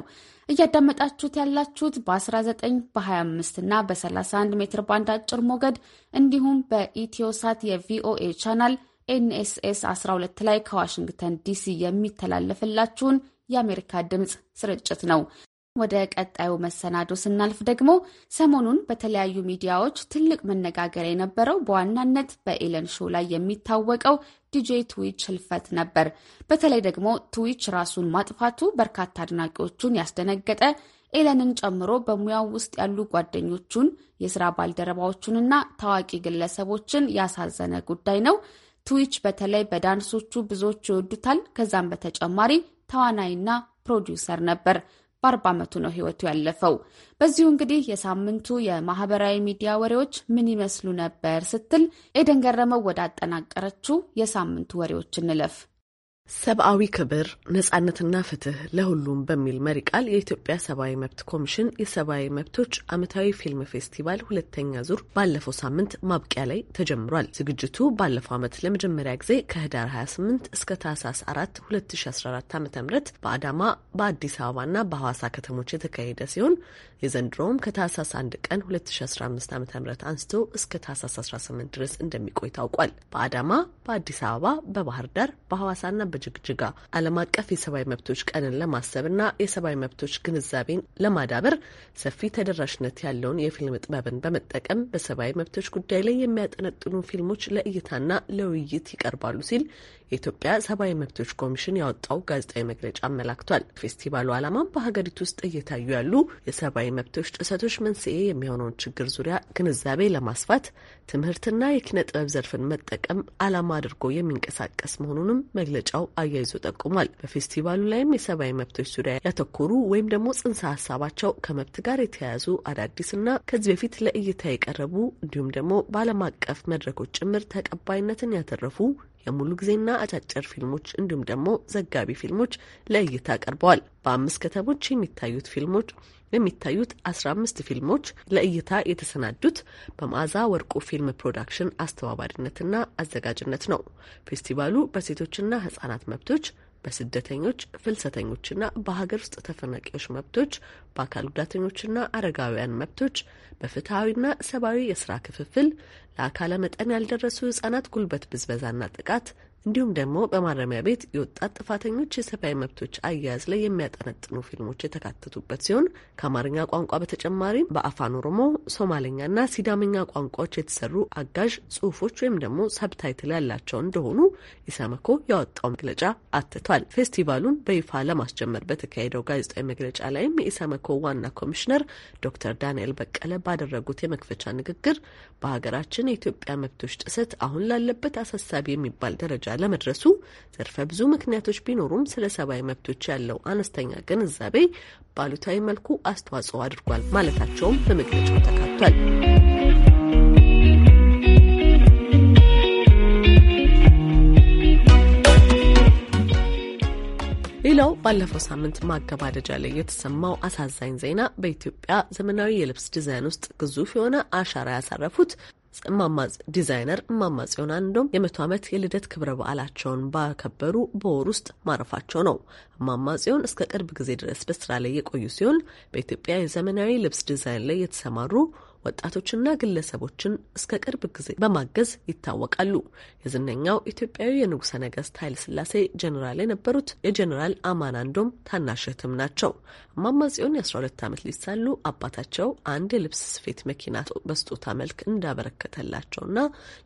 እያዳመጣችሁት ያላችሁት በ19 በ25 እና በ31 ሜትር ባንድ አጭር ሞገድ እንዲሁም በኢትዮሳት የቪኦኤ ቻናል ኤንኤስኤስ 12 ላይ ከዋሽንግተን ዲሲ የሚተላለፍላችሁን የአሜሪካ ድምፅ ስርጭት ነው። ወደ ቀጣዩ መሰናዶ ስናልፍ ደግሞ ሰሞኑን በተለያዩ ሚዲያዎች ትልቅ መነጋገር የነበረው በዋናነት በኤለን ሾው ላይ የሚታወቀው ዲጄ ትዊች ህልፈት ነበር። በተለይ ደግሞ ትዊች ራሱን ማጥፋቱ በርካታ አድናቂዎቹን ያስደነገጠ ኤለንን ጨምሮ በሙያው ውስጥ ያሉ ጓደኞቹን፣ የስራ ባልደረባዎቹንና ታዋቂ ግለሰቦችን ያሳዘነ ጉዳይ ነው። ትዊች በተለይ በዳንሶቹ ብዙዎች ይወዱታል። ከዛም በተጨማሪ ተዋናይና ፕሮዲውሰር ነበር። በአርባ ዓመቱ ነው ህይወቱ ያለፈው። በዚሁ እንግዲህ የሳምንቱ የማህበራዊ ሚዲያ ወሬዎች ምን ይመስሉ ነበር ስትል ኤደን ገረመው ወደ አጠናቀረችው የሳምንቱ ወሬዎች እንለፍ። ሰብአዊ ክብር፣ ነጻነትና ፍትህ ለሁሉም በሚል መሪ ቃል የኢትዮጵያ ሰብአዊ መብት ኮሚሽን የሰብአዊ መብቶች ዓመታዊ ፊልም ፌስቲቫል ሁለተኛ ዙር ባለፈው ሳምንት ማብቂያ ላይ ተጀምሯል። ዝግጅቱ ባለፈው ዓመት ለመጀመሪያ ጊዜ ከህዳር 28 እስከ ታህሳስ 4 2014 ዓ ም በአዳማ በአዲስ አበባና በሐዋሳ ከተሞች የተካሄደ ሲሆን የዘንድሮውም ከታህሳስ 1 ቀን 2015 ዓ ም አንስቶ እስከ ታህሳስ 18 ድረስ እንደሚቆይ ታውቋል። በአዳማ፣ በአዲስ አበባ፣ በባህር ዳር፣ በሐዋሳና በጅግጅጋ ዓለም አቀፍ የሰብአዊ መብቶች ቀንን ለማሰብና የሰብአዊ መብቶች ግንዛቤን ለማዳበር ሰፊ ተደራሽነት ያለውን የፊልም ጥበብን በመጠቀም በሰብአዊ መብቶች ጉዳይ ላይ የሚያጠነጥኑ ፊልሞች ለእይታና ለውይይት ይቀርባሉ ሲል የኢትዮጵያ ሰብአዊ መብቶች ኮሚሽን ያወጣው ጋዜጣዊ መግለጫ አመላክቷል። ፌስቲቫሉ ዓላማም በሀገሪቱ ውስጥ እየታዩ ያሉ የሰብአዊ መብቶች ጥሰቶች መንስኤ የሚሆነውን ችግር ዙሪያ ግንዛቤ ለማስፋት ትምህርትና የኪነ ጥበብ ዘርፍን መጠቀም ዓላማ አድርጎ የሚንቀሳቀስ መሆኑንም መግለጫው አያይዞ ጠቁሟል። በፌስቲቫሉ ላይም የሰብአዊ መብቶች ዙሪያ ያተኮሩ ወይም ደግሞ ጽንሰ ሀሳባቸው ከመብት ጋር የተያያዙ አዳዲስና ከዚህ በፊት ለእይታ የቀረቡ እንዲሁም ደግሞ በዓለም አቀፍ መድረኮች ጭምር ተቀባይነትን ያተረፉ የሙሉ ጊዜና አጫጭር ፊልሞች እንዲሁም ደግሞ ዘጋቢ ፊልሞች ለእይታ ቀርበዋል። በአምስት ከተሞች የሚታዩት ፊልሞች የሚታዩት 15 ፊልሞች ለእይታ የተሰናዱት በመዓዛ ወርቁ ፊልም ፕሮዳክሽን አስተባባሪነትና አዘጋጅነት ነው። ፌስቲቫሉ በሴቶችና ህጻናት መብቶች በስደተኞች ፍልሰተኞችና በሀገር ውስጥ ተፈናቂዎች መብቶች፣ በአካል ጉዳተኞችና አረጋውያን መብቶች፣ በፍትሐዊና ሰብአዊ የስራ ክፍፍል፣ ለአካለ መጠን ያልደረሱ ህጻናት ጉልበት ብዝበዛና ጥቃት፣ እንዲሁም ደግሞ በማረሚያ ቤት የወጣት ጥፋተኞች የሰብአዊ መብቶች አያያዝ ላይ የሚያጠነጥኑ ፊልሞች የተካተቱበት ሲሆን ከአማርኛ ቋንቋ በተጨማሪም በአፋን ኦሮሞ፣ ሶማሌኛና ሲዳመኛ ቋንቋዎች የተሰሩ አጋዥ ጽሁፎች ወይም ደግሞ ሰብታይትል ያላቸው እንደሆኑ ኢሰመኮ ያወጣው መግለጫ አትቷል። ፌስቲቫሉን በይፋ ለማስጀመር በተካሄደው ጋዜጣዊ መግለጫ ላይም የኢሰመኮ ዋና ኮሚሽነር ዶክተር ዳንኤል በቀለ ባደረጉት የመክፈቻ ንግግር በሀገራችን የኢትዮጵያ መብቶች ጥሰት አሁን ላለበት አሳሳቢ የሚባል ደረጃ ለመድረሱ ዘርፈ ብዙ ምክንያቶች ቢኖሩም ስለ ሰብአዊ መብቶች ያለው አነስተኛ ግንዛቤ ባሉታዊ መልኩ አስተዋጽኦ አድርጓል ማለታቸውም በመግለጫው ተካቷል። ሌላው ባለፈው ሳምንት ማገባደጃ ላይ የተሰማው አሳዛኝ ዜና በኢትዮጵያ ዘመናዊ የልብስ ዲዛይን ውስጥ ግዙፍ የሆነ አሻራ ያሳረፉት ዲዛይነር ማማጽ ጽዮን አንዶም የመቶ ዓመት የልደት ክብረ በዓላቸውን ባከበሩ በወር ውስጥ ማረፋቸው ነው። እማማ እስከ ቅርብ ጊዜ ድረስ በስራ ላይ የቆዩ ሲሆን በኢትዮጵያ የዘመናዊ ልብስ ዲዛይን ላይ የተሰማሩ ወጣቶችና ግለሰቦችን እስከ ቅርብ ጊዜ በማገዝ ይታወቃሉ። የዝነኛው ኢትዮጵያዊ የንጉሠ ነገሥት ኃይለሥላሴ ጀኔራል የነበሩት የጀኔራል አማናንዶም ታናሽ እህትም ናቸው። እማማጽዮን የ12 ዓመት ሊሳሉ አባታቸው አንድ የልብስ ስፌት መኪና በስጦታ መልክ እንዳበረከተላቸውና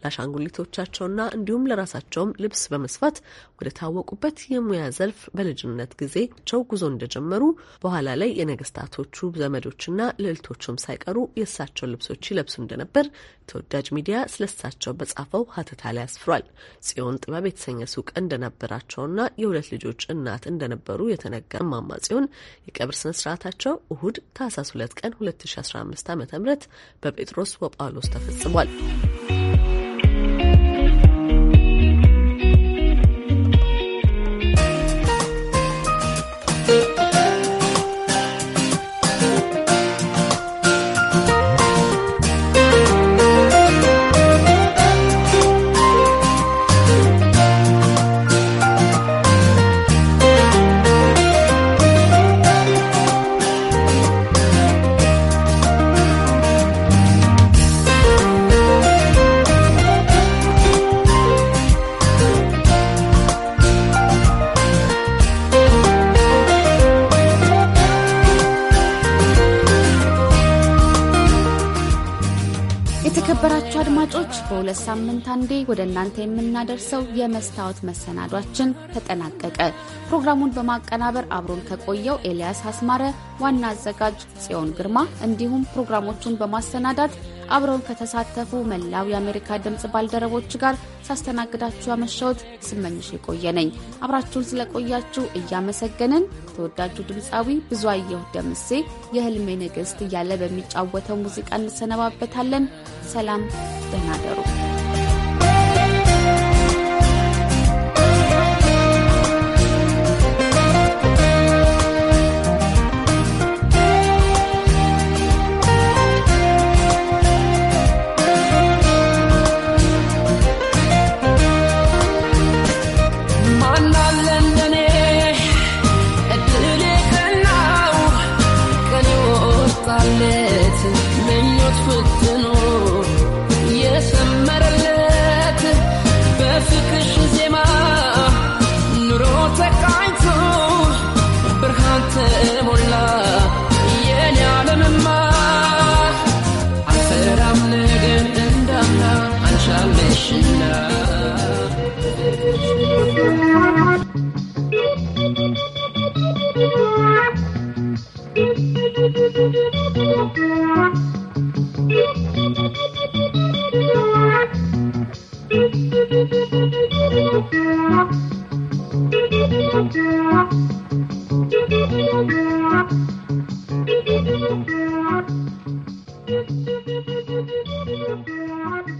ለአሻንጉሊቶቻቸውና እንዲሁም ለራሳቸውም ልብስ በመስፋት ወደ ታወቁበት የሙያ ዘርፍ በልጅነት ጊዜያቸው ጉዞ እንደጀመሩ በኋላ ላይ የነገስታቶቹ ዘመዶችና ልዕልቶችም ሳይቀሩ የእሳቸው ያሏቸው ልብሶች ይለብሱ እንደነበር ተወዳጅ ሚዲያ ስለሳቸው በጻፈው ሀተታ ላይ አስፍሯል። ጽዮን ጥበብ የተሰኘ ሱቅ እንደነበራቸውና የሁለት ልጆች እናት እንደነበሩ የተነገረ ማማ ጽዮን የቀብር ስነ ስርዓታቸው እሁድ ታህሳስ 2 ቀን 2015 ዓ ም በጴጥሮስ ወጳውሎስ ተፈጽሟል። አድማጮች በሁለት ሳምንት አንዴ ወደ እናንተ የምናደርሰው የመስታወት መሰናዷችን ተጠናቀቀ። ፕሮግራሙን በማቀናበር አብሮን ከቆየው ኤልያስ አስማረ፣ ዋና አዘጋጅ ጽዮን ግርማ እንዲሁም ፕሮግራሞቹን በማሰናዳት አብረውን ከተሳተፉ መላው የአሜሪካ ድምፅ ባልደረቦች ጋር ሳስተናግዳችሁ ያመሻውት ስመኝሽ የቆየ ነኝ። አብራችሁን ስለቆያችሁ እያመሰገንን ተወዳጁ ድምፃዊ አየሁ ደምሴ የህልሜ ንግሥት እያለ በሚጫወተው ሙዚቃ እንሰነባበታለን። ሰላም፣ ደህና ደሩ።